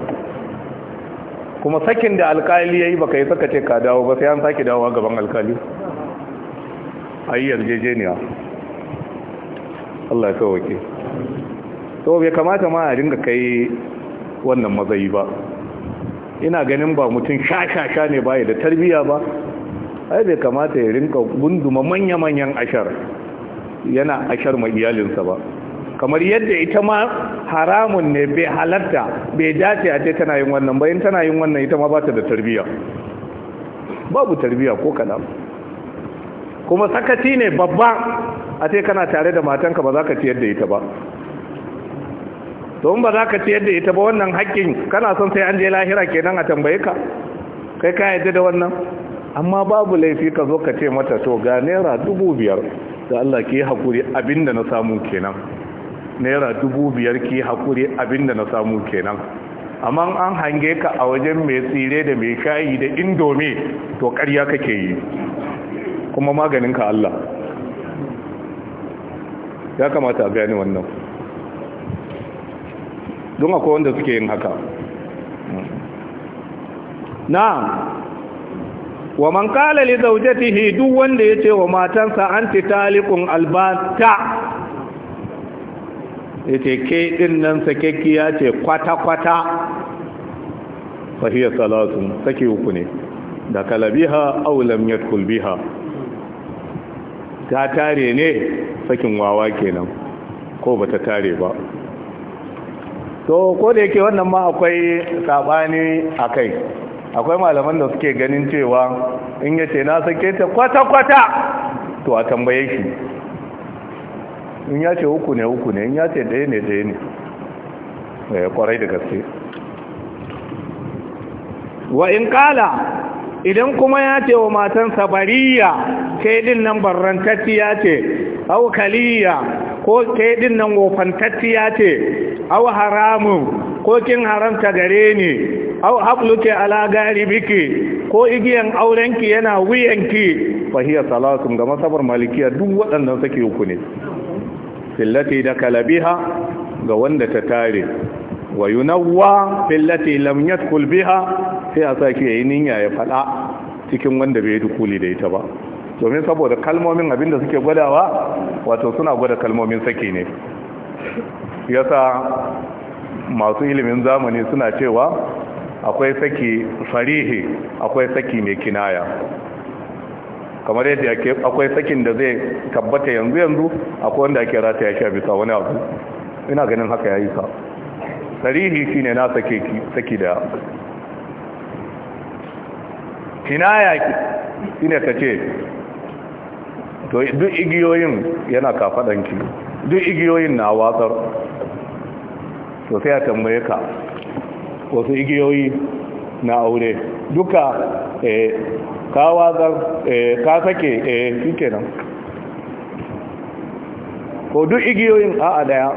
kuma sakin da alkali ya yi baka yi saka ce ka dawo ba sai an sake dawowa gaban alkali a yi yarjejeniya Allah ya kawo to bai kamata ma a dinga kai wannan mazayi ba ina ganin ba mutum sha-sha-sha ne ba da tarbiya ba ai bai kamata ya rinka gunduma manya-manyan ashar yana ashar ma iyalinsa ba kamar yadda ita ma haramun ne bai halarta bai dace a ce tana yin wannan bayan tana yin wannan ita ma ba ta da tarbiya babu tarbiya ko kaɗan kuma sakaci ne babba a ce kana tare da matanka ba za ka ciyar da ita ba don ba za ka ciyar da ita ba wannan haƙƙin kana son sai an je lahira kenan a tambaye ka kai ka yadda da wannan amma babu laifi ka zo ka ce mata to ga naira dubu biyar da Allah ke haƙuri abinda na samu kenan naira dubu biyar ke haƙuri abinda na samu kenan amma an hange ka a wajen mai tsire da mai kayi da indomi to ƙarya kake yi kuma maganinka Allah ya kamata a gani wannan don akwai wanda suke yin haka Na. wa man qala li zawjatihi duk wanda yace wa matansa anti taliqun albata yace ke din nan sakekkiya ce kwata kwata fahiya Salatu salatun sake uku ne da kalabiha aw lam yadkhul biha ta tare ne sakin wawa kenan ko bata tare ba to ko da yake wannan ma akwai sabani a kai akwai malaman da suke ganin cewa in ya ce na sake ta kwata-kwata to a tambaye shi in ya ce uku ne uku ne in ya ce ɗaya ne ɗaya ne ya eh, kwarai da gaske wa in kala idan kuma ya ce wa matansa bariya ke din nan ya ce aukaliya ko ke din nan ya ce Au haramu ko kin haramta gare ni au habluke ala garibiki ko igiyan aurenki yana wuyanki fa hiya salatun ga masabar malikiya duk waɗannan sake uku ne fillati da kalabiha ga wanda ta tare wa yunawwa fillati lam yadkhul biha sai a sake yayin niyya ya fada cikin wanda bai dukuli da ita ba domin saboda kalmomin abinda suke gwadawa wato suna gwada kalmomin sake ne yasa masu ilimin zamani suna cewa akwai saki farihi akwai saki mai kinaya kamar yadda akwai sakin da zai tabbata yanzu yanzu akwai wanda ake rata ya sha bisa wani abu ina ganin haka ya yi sa sarihi shine na saki da kinaya shine ka ce to duk igiyoyin yana kafaɗanki. duk igiyoyin na watsar to sai a tambaye ka wasu igiyoyi na aure duka eh, kawazar eh, ka sake eh, shi kenan ko duk igiyoyin a a daya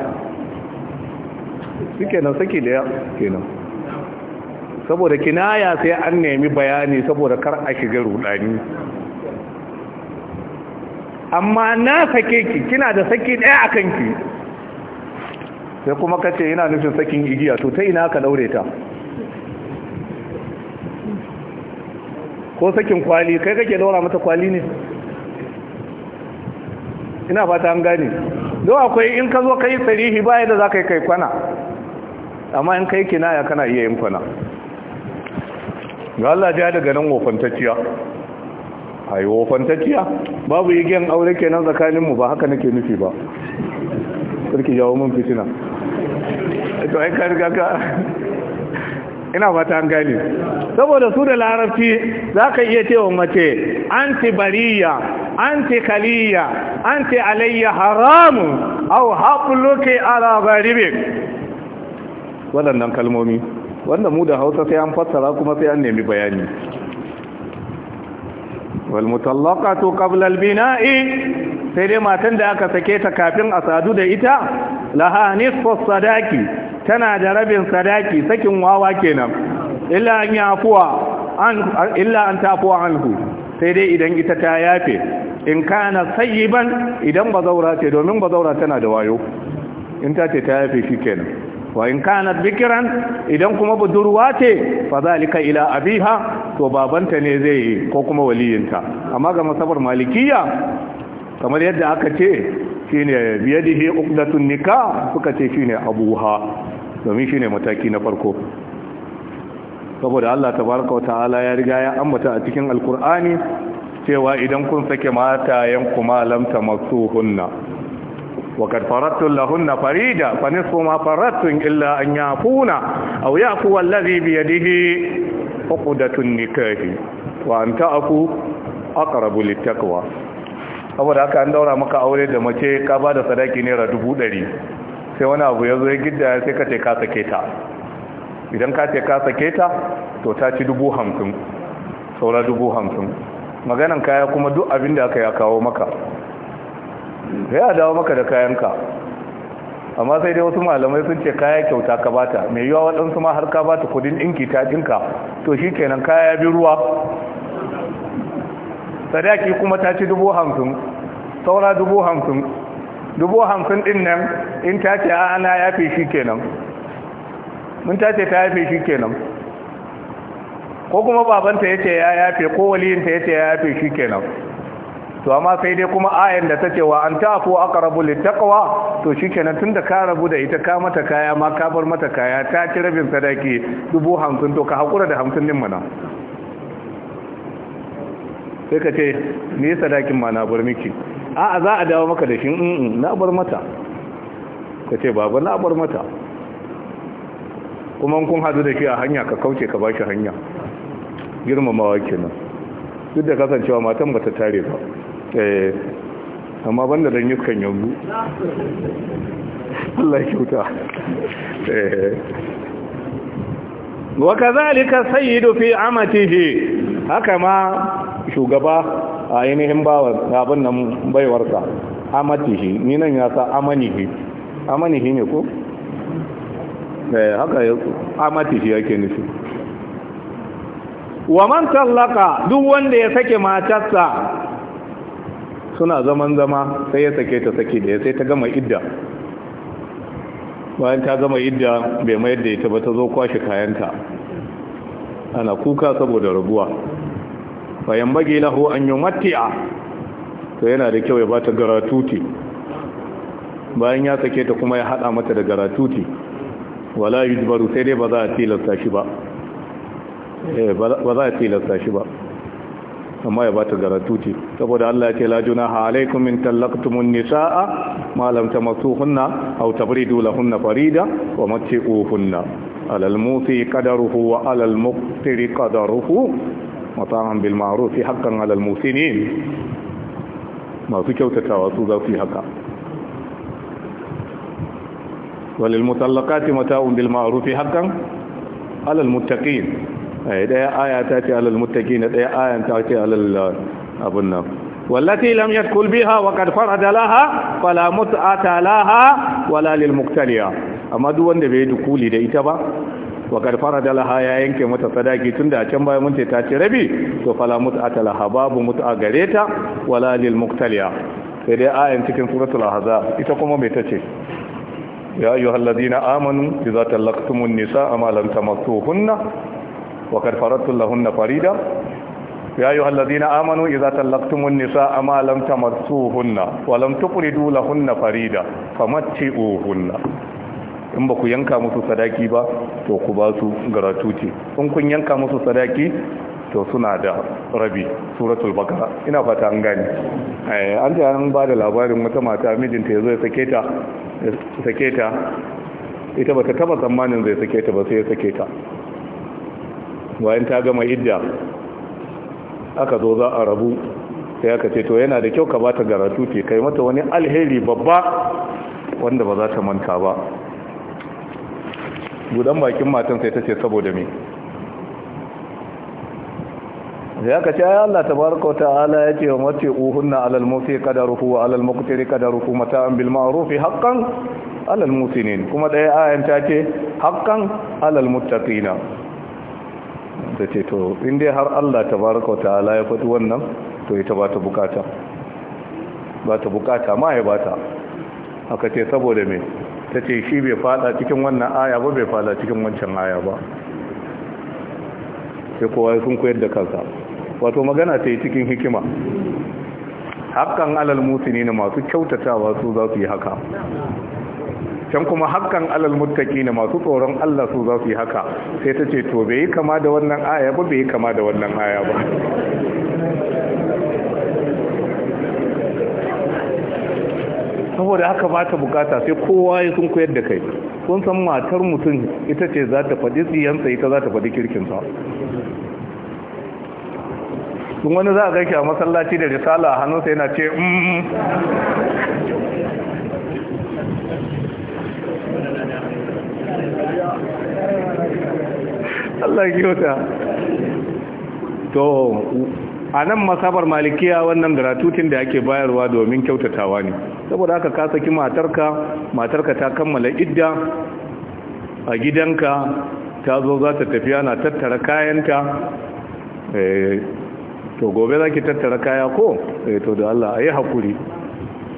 shi kenan sake daya kenan saboda kinaya sai an nemi bayani saboda kar a shiga rudani amma na sake ki kina da sake daya a kanki sai kuma kace yana nufin sakin igiya to ta ina aka daure ta ko sakin kwali kai kake daura mata kwali ne ina fata an gane do akwai in ka zo kai sarihi baya da za ka yi kai kwana amma in kai kinaya kana iya yin kwana ga Allah ja daga nan wofantacciya ai wofantacciya babu yigen aure kenan tsakaninmu ba haka nake nufi ba kirki jawo mun fitina to ina gani saboda su da larabci za ka iya cewa mace anti bariya anti khaliya anti alayya haramu au haɓuluki ala garibin waɗannan kalmomi wanda mu da hausa sai an fassara kuma sai an nemi bayani walmutallaka to ƙablal bina'i sai dai matan da aka sake ta kafin a sadu da ita laha nisfu sadaki tana da rabin sadaki sakin wawa kenan illa an yafuwa an illa an tafuwa anhu sai dai idan ita ta yafe in kana sayyiban idan bazaura ce domin bazaura tana da wayo in ta ce ta yafe shikenan wa in kana bikiran idan kuma budurwa ce fazalika ila abiha to babanta ne zai yi ko kuma waliyinta amma ga masabar malikiya kamar yadda aka ce shine biyadihi uqdatun nikah suka ce ne abuha domin shine mataki na farko saboda Allah tabaraka wa ta'ala ya riga ya ambata a cikin alkur'ani cewa idan kun sake matayen kuma lam tamassuhunna hunna, wakar faratun lahunna farida fa nisfu ma faradtu illa an yafuna aw yafu alladhi bi yadihi uqdatun nikah wa an ta'fu aqrabu littaqwa saboda haka an daura maka aure da mace ka ba da sadaki naira dubu ɗari sai wani abu ya zo ya gidda sai ka ce ka sake ta idan ka ce ka sake ta to ta ci dubu hamsin saura dubu hamsin maganan kaya kuma duk abin da aka ya kawo maka ya dawo maka da kayanka amma sai dai wasu malamai sun ce kaya kyauta ka bata mai yiwa waɗansu ma har ka bata kudin ɗinki ta ɗinka to shi kenan kaya ya bi ruwa sadaki kuma ta ci dubu hamsin saura dubu hamsin dubu hamsin din nan in ta ce a ana yafe shi kenan mun ta ce ta yafe shi kenan ko kuma babanta ya ce ya yafe ko waliyinta ya ce ya yafe shi kenan to amma sai dai kuma ayan da ta ce wa an aka rabu littakawa to shi tun tunda ka rabu da ita ka mata kaya ma ka bar mata kaya ta ci rabin sadaki dubu hamsin to ka haƙura da hamsin din mana sai ka ce ne sadakin ma na bar miki a a za a dawo maka da shi na bar mata ka ce baba na bar mata kuma kun hadu da shi a hanya ka kauce ka ba shi hanya girmamawa kenan duk da kasancewa matan ba ta tare ba eh, amma banda don yukan yanzu Allah kyauta eh. wa kazalika sayyidu fi amatihi haka ma shugaba a ainihin bawa abin nan baiwarsa amatihi ni nan ya sa amanihi amanihi ne ko eh haka ya amatihi yake nufi wa man tallaka duk wanda ya sake matarsa suna zaman zama sai ya sake ta sake da ya sai ta gama idda bayan ta gama idda bai mayar da ita ba ta zo kwashe kayanta ana kuka saboda rabuwa bayan bagi lahu an yi matiya to yana da kyau ya ba ta garatuti bayan ya sake ta kuma ya hada mata da garatuti wala yujbaru sai dai ba za a tilasta shi ba eh, ba za a tilasta shi ba amma ya ba bata garatuti saboda Allah ya ce la ha alaikum in talaqtumun nisaa ma lam tamassuhunna aw tabridu lahunna farida wa matti'uhunna alal musi qadaruhu wa alal muqtiri qadaruhu mata'an bil ma'ruf fi haqqan 'ala al kyautatawa su za su yi haka walil mutallaqati mata'un bil ma'ruf fi haqqan 'ala al aya ta ce 'ala al aya ta ce 'ala al abunna wallati lam yadkul biha wa qad farada laha fala mut'ata wala lil muqtaliya amma duk wanda bai kuli da ita ba wa karfara da laha ya yanke mata sadaki tun da a can baya mun ce ta ce rabi to fala ata laha babu mut'a gare ta wala lil muqtaliya sai dai ayan cikin suratul ahzab ita kuma me tace ya ayyuhal ladina amanu idza talaqtumun nisaa ma lam tamassuhunna wa qad faradtu lahunna farida ya يا أيها الذين آمنوا إذا طلقتم النساء ما لم تمسوهن ولم تقردوا لهن فريدا فمتئوهن in ba ku yanka musu sadaki ba to ku ba su garatuti in kun yanka musu sadaki to suna da rabi suratul bakara ina fata an gani eh, an ta an ba da labarin wata mata mijinta ya zo ya sake ta ita ba ta taba tsammanin zai sake ta ba sai ya sake ta bayan ta gama idda aka zo za a rabu sai aka ce to yana da kyau ka ba ta garatu ce kai mata wani alheri babba wanda ba za ta manta ba gudan bakin matan sai ta ce saboda me ya ka ce ya Allah tabaraka ta'ala ya ce wa mace uhunna alal musi qadaruhu wa alal muqtiri mata an bil ma'arufi haƙƙan alal ne kuma ɗaya ayan ta ce haƙƙan alal muttaqina ta ce to in dai har Allah tabaraka ta'ala ya faɗi wannan to ita ba ta bukata ba ta bukata ma ya ta aka ce saboda me ta ce shi bai fada cikin wannan aya ba bai fada cikin wancan aya ba sai kowa sun koyar da kansa wato magana ta yi cikin hikima hakan alal ne na masu kyautatawa su za su yi haka can kuma hakan alal muttaki ne masu tsoron Allah su za su yi haka sai ta ce to bai kama da wannan aya ba bai kama da wannan aya ba saboda haka ba ta bukata sai kowa ya sun koyar da kai kun san matar mutum ita ce za ta faɗi tsiyansa ita za ta faɗi kirkinsa sun wani za a gaike a masallaci da risala a hannunsa yana ce mm, mm, mm. Allah yi to a nan masabar malikiya wannan gratutin da ake bayarwa domin kyautatawa ne saboda haka ka saki matarka matarka ta kammala idda a gidanka ta zo za ta tafi ana tattara kayanta eh, to gobe za ki tattara kaya ko eh, to da Allah a yi haƙuri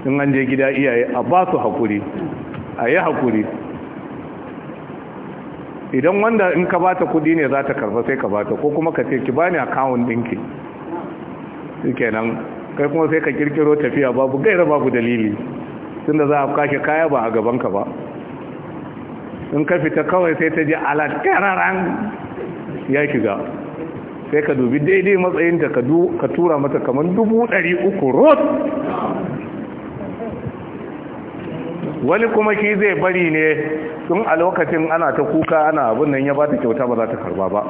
in an je gida iyaye a ba su haƙuri a yi haƙuri idan wanda in ka bata kudi ne za ta karba sai ka bata ko kuma ka ce ki bani akawun ɗinki kenan kai kuma sai ka kirkiro tafiya babu gaira babu dalili tunda za a kashe kaya ba a gaban ka ba in ka fita kawai sai ta ji alat ya shiga sai ka dubi daidai matsayin ta ka tura mata kamar dubu ɗari uku rot wani kuma shi zai bari ne tun a lokacin ana ta kuka ana abin nan ya ba ta kyauta ba za ta karba ba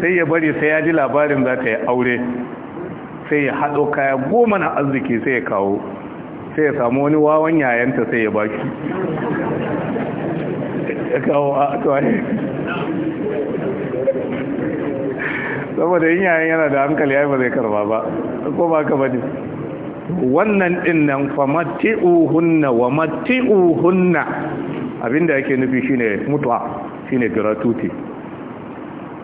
sai ya bari sai ya ji labarin za ta yi aure sai ya haɗo kaya goma na arziki sai ya kawo sai ya samu wani wawan yayanta sai ya baki ya kawo a ah, tuwaye saboda yin yayin yana da hankali ya yi ba zai karba ba ko ba ka bane wannan din nan fa mati'uhunna wa mati'uhunna abinda yake nufi shine mutuwa shine gratuity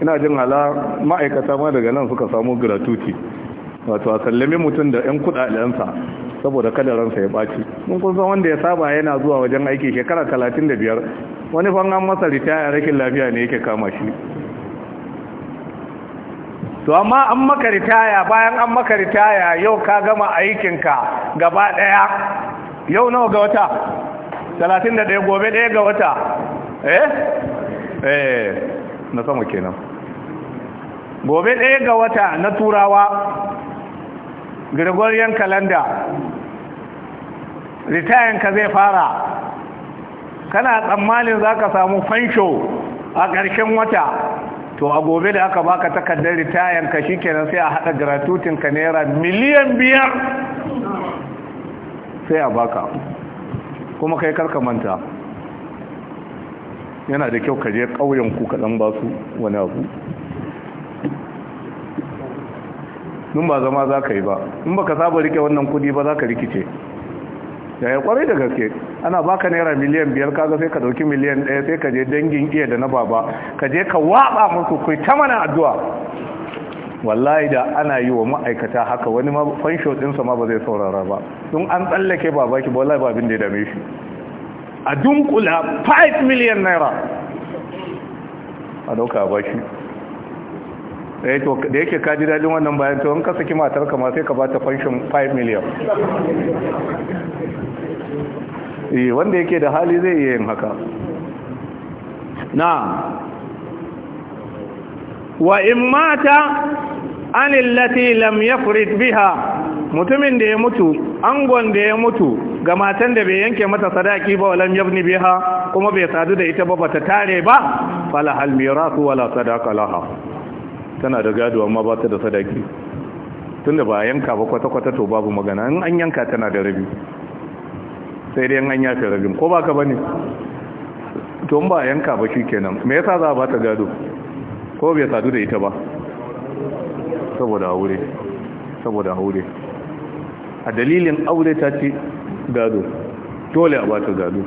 ina jin ala ma'aikata ma daga nan suka samu gratuity wato a sallame mutum da 'yan kudadensa saboda kadaransa ya ɓaci mun kun san wanda ya saba yana zuwa wajen aiki shekara talatin da biyar wani fangan masa ritaya rakin lafiya ne yake kama shi to amma an maka ritaya bayan an maka ritaya yau ka gama aikinka gaba ɗaya yau nawa ga wata talatin da ɗaya gobe ɗaya ga wata eh eh na sama kenan gobe ɗaya ga wata na turawa gregorian calendar ritayanka zai fara kana tsammanin za ka samu fansho a ƙarshen wata to a gobe da aka baka takardar ritayanka shi kenan sai a haɗa ka naira miliyan biyar sai a baka kuma kai karka manta yana da kyau ka je ƙauyenku kaɗan ba su wani abu dun ba zama za ka yi ba in ba ka saba rike wannan kudi ba za ka rikice Yaya kwarai da gaske ana baka naira miliyan biyar kaga sai ka dauki miliyan ɗaya sai ka je dangin iya da na baba ka je ka waba musu kai ta mana addu'a wallahi da ana yi wa ma'aikata haka wani ma fansho ɗinsa ma ba zai saurara ba don an tsallake babaki ba wallahi ba abin da ya dame shi a dunkula 5 miliyan naira a dauka ba shi eh to da yake ka ji dadin wannan bayan to in ka saki matar ka ma sai ka ba ta pension 5 million eh wanda yake da hali zai iya haka na'am wa in mata an lam yafrid biha mutumin da ya mutu angon da ya mutu ga matan da bai yanke mata sadaki ba walam yabni biha kuma bai sadu da ita ba bata tare ba fala hal mirasu wala sadaka laha tana da gado amma ba ta da sadaki tunda ba yanka ba kwata-kwata to babu magana in an yanka tana da rabi sai dai an yafe rabin ko ba ka ba ne to ba yanka ba shi kenan me yasa za a ba ta gado ko bai sadu da ita ba saboda aure saboda aure a dalilin aure ta ce gado dole a ba ta gado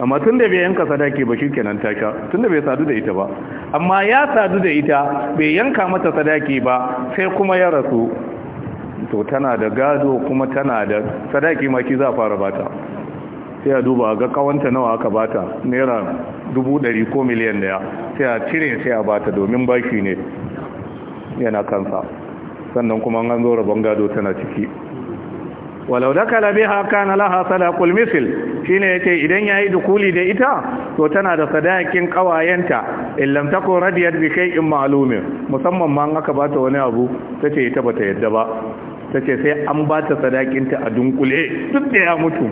amma tun da bai yanka sadaki ba shi kenan ta sha tun da bai sadu da ita ba amma ya sadu da ita bai yanka mata sadaki ba sai kuma ya rasu to tana da gado kuma tana da sadaki ma ki za fara bata sai a duba ga kawanta nawa aka bata naira dubu ɗari ko miliyan daya sai a cire sai a bata domin bashi ne yana kansa sannan kuma an zo rabon gado tana ciki walau dakala biha kana laha sadaqul misl shine yake idan yayi dukuli da ita to tana da sadakin kawayenta in lam takun radiyat bi shay'in ma'lumin musamman ma aka ta wani abu ta ce ita bata yadda ba ta ce sai an ba ta sadakinta a dunkule duk da ya mutu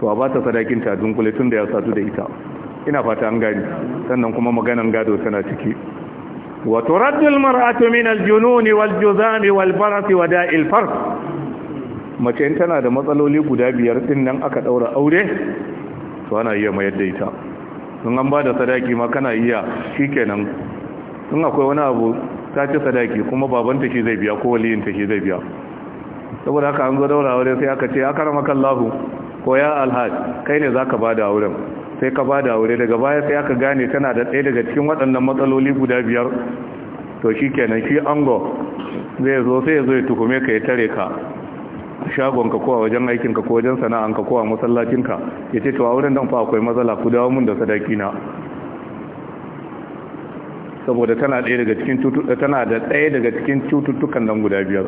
to a ba bata sadakinta a dunkule tun da ya satu da ita ina fata an gani sannan kuma maganan gado tana ciki wa turaddu al-mar'atu min al-jununi wal-juzami wal-barasi wa da'il farq mace in tana da matsaloli guda biyar din nan aka daura aure to ana iya mayar da ita in an ba da sadaki ma kana iya shikenan in akwai wani abu ta ci sadaki kuma babanta shi zai biya ko ta shi zai biya saboda haka an zo daura aure sai aka ce aka rama kallahu ko ya alhaji, kai ne zaka bada auren sai ka bada aure daga baya sai aka gane tana da ɗaya daga cikin waɗannan matsaloli guda biyar to shikenan shi ango zai zo sai ya zo ya tuhume ka ya tare ka shagonka ko a wajen aikinka ko wajen sana'anka ko a masallacinka ya ce to a wurin don fa akwai matsala ku dawo mun da sadaki na saboda tana ɗaya daga cikin cututtuka tana da ɗaya daga cikin cututtukan nan guda biyar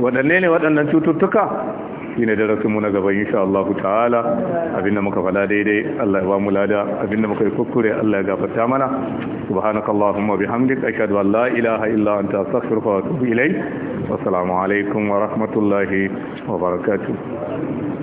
waɗanne ne waɗannan cututtuka shine darasinmu na gaba insha Allah ta'ala abinda muka fada daidai Allah ya ba mu lada abinda muka yi kuskure Allah ya gafarta mana subhanakallahumma bihamdik ashhadu an la ilaha illa anta astaghfiruka wa atubu ilayk assalamu alaikum wa rahmatullahi wa barakatuh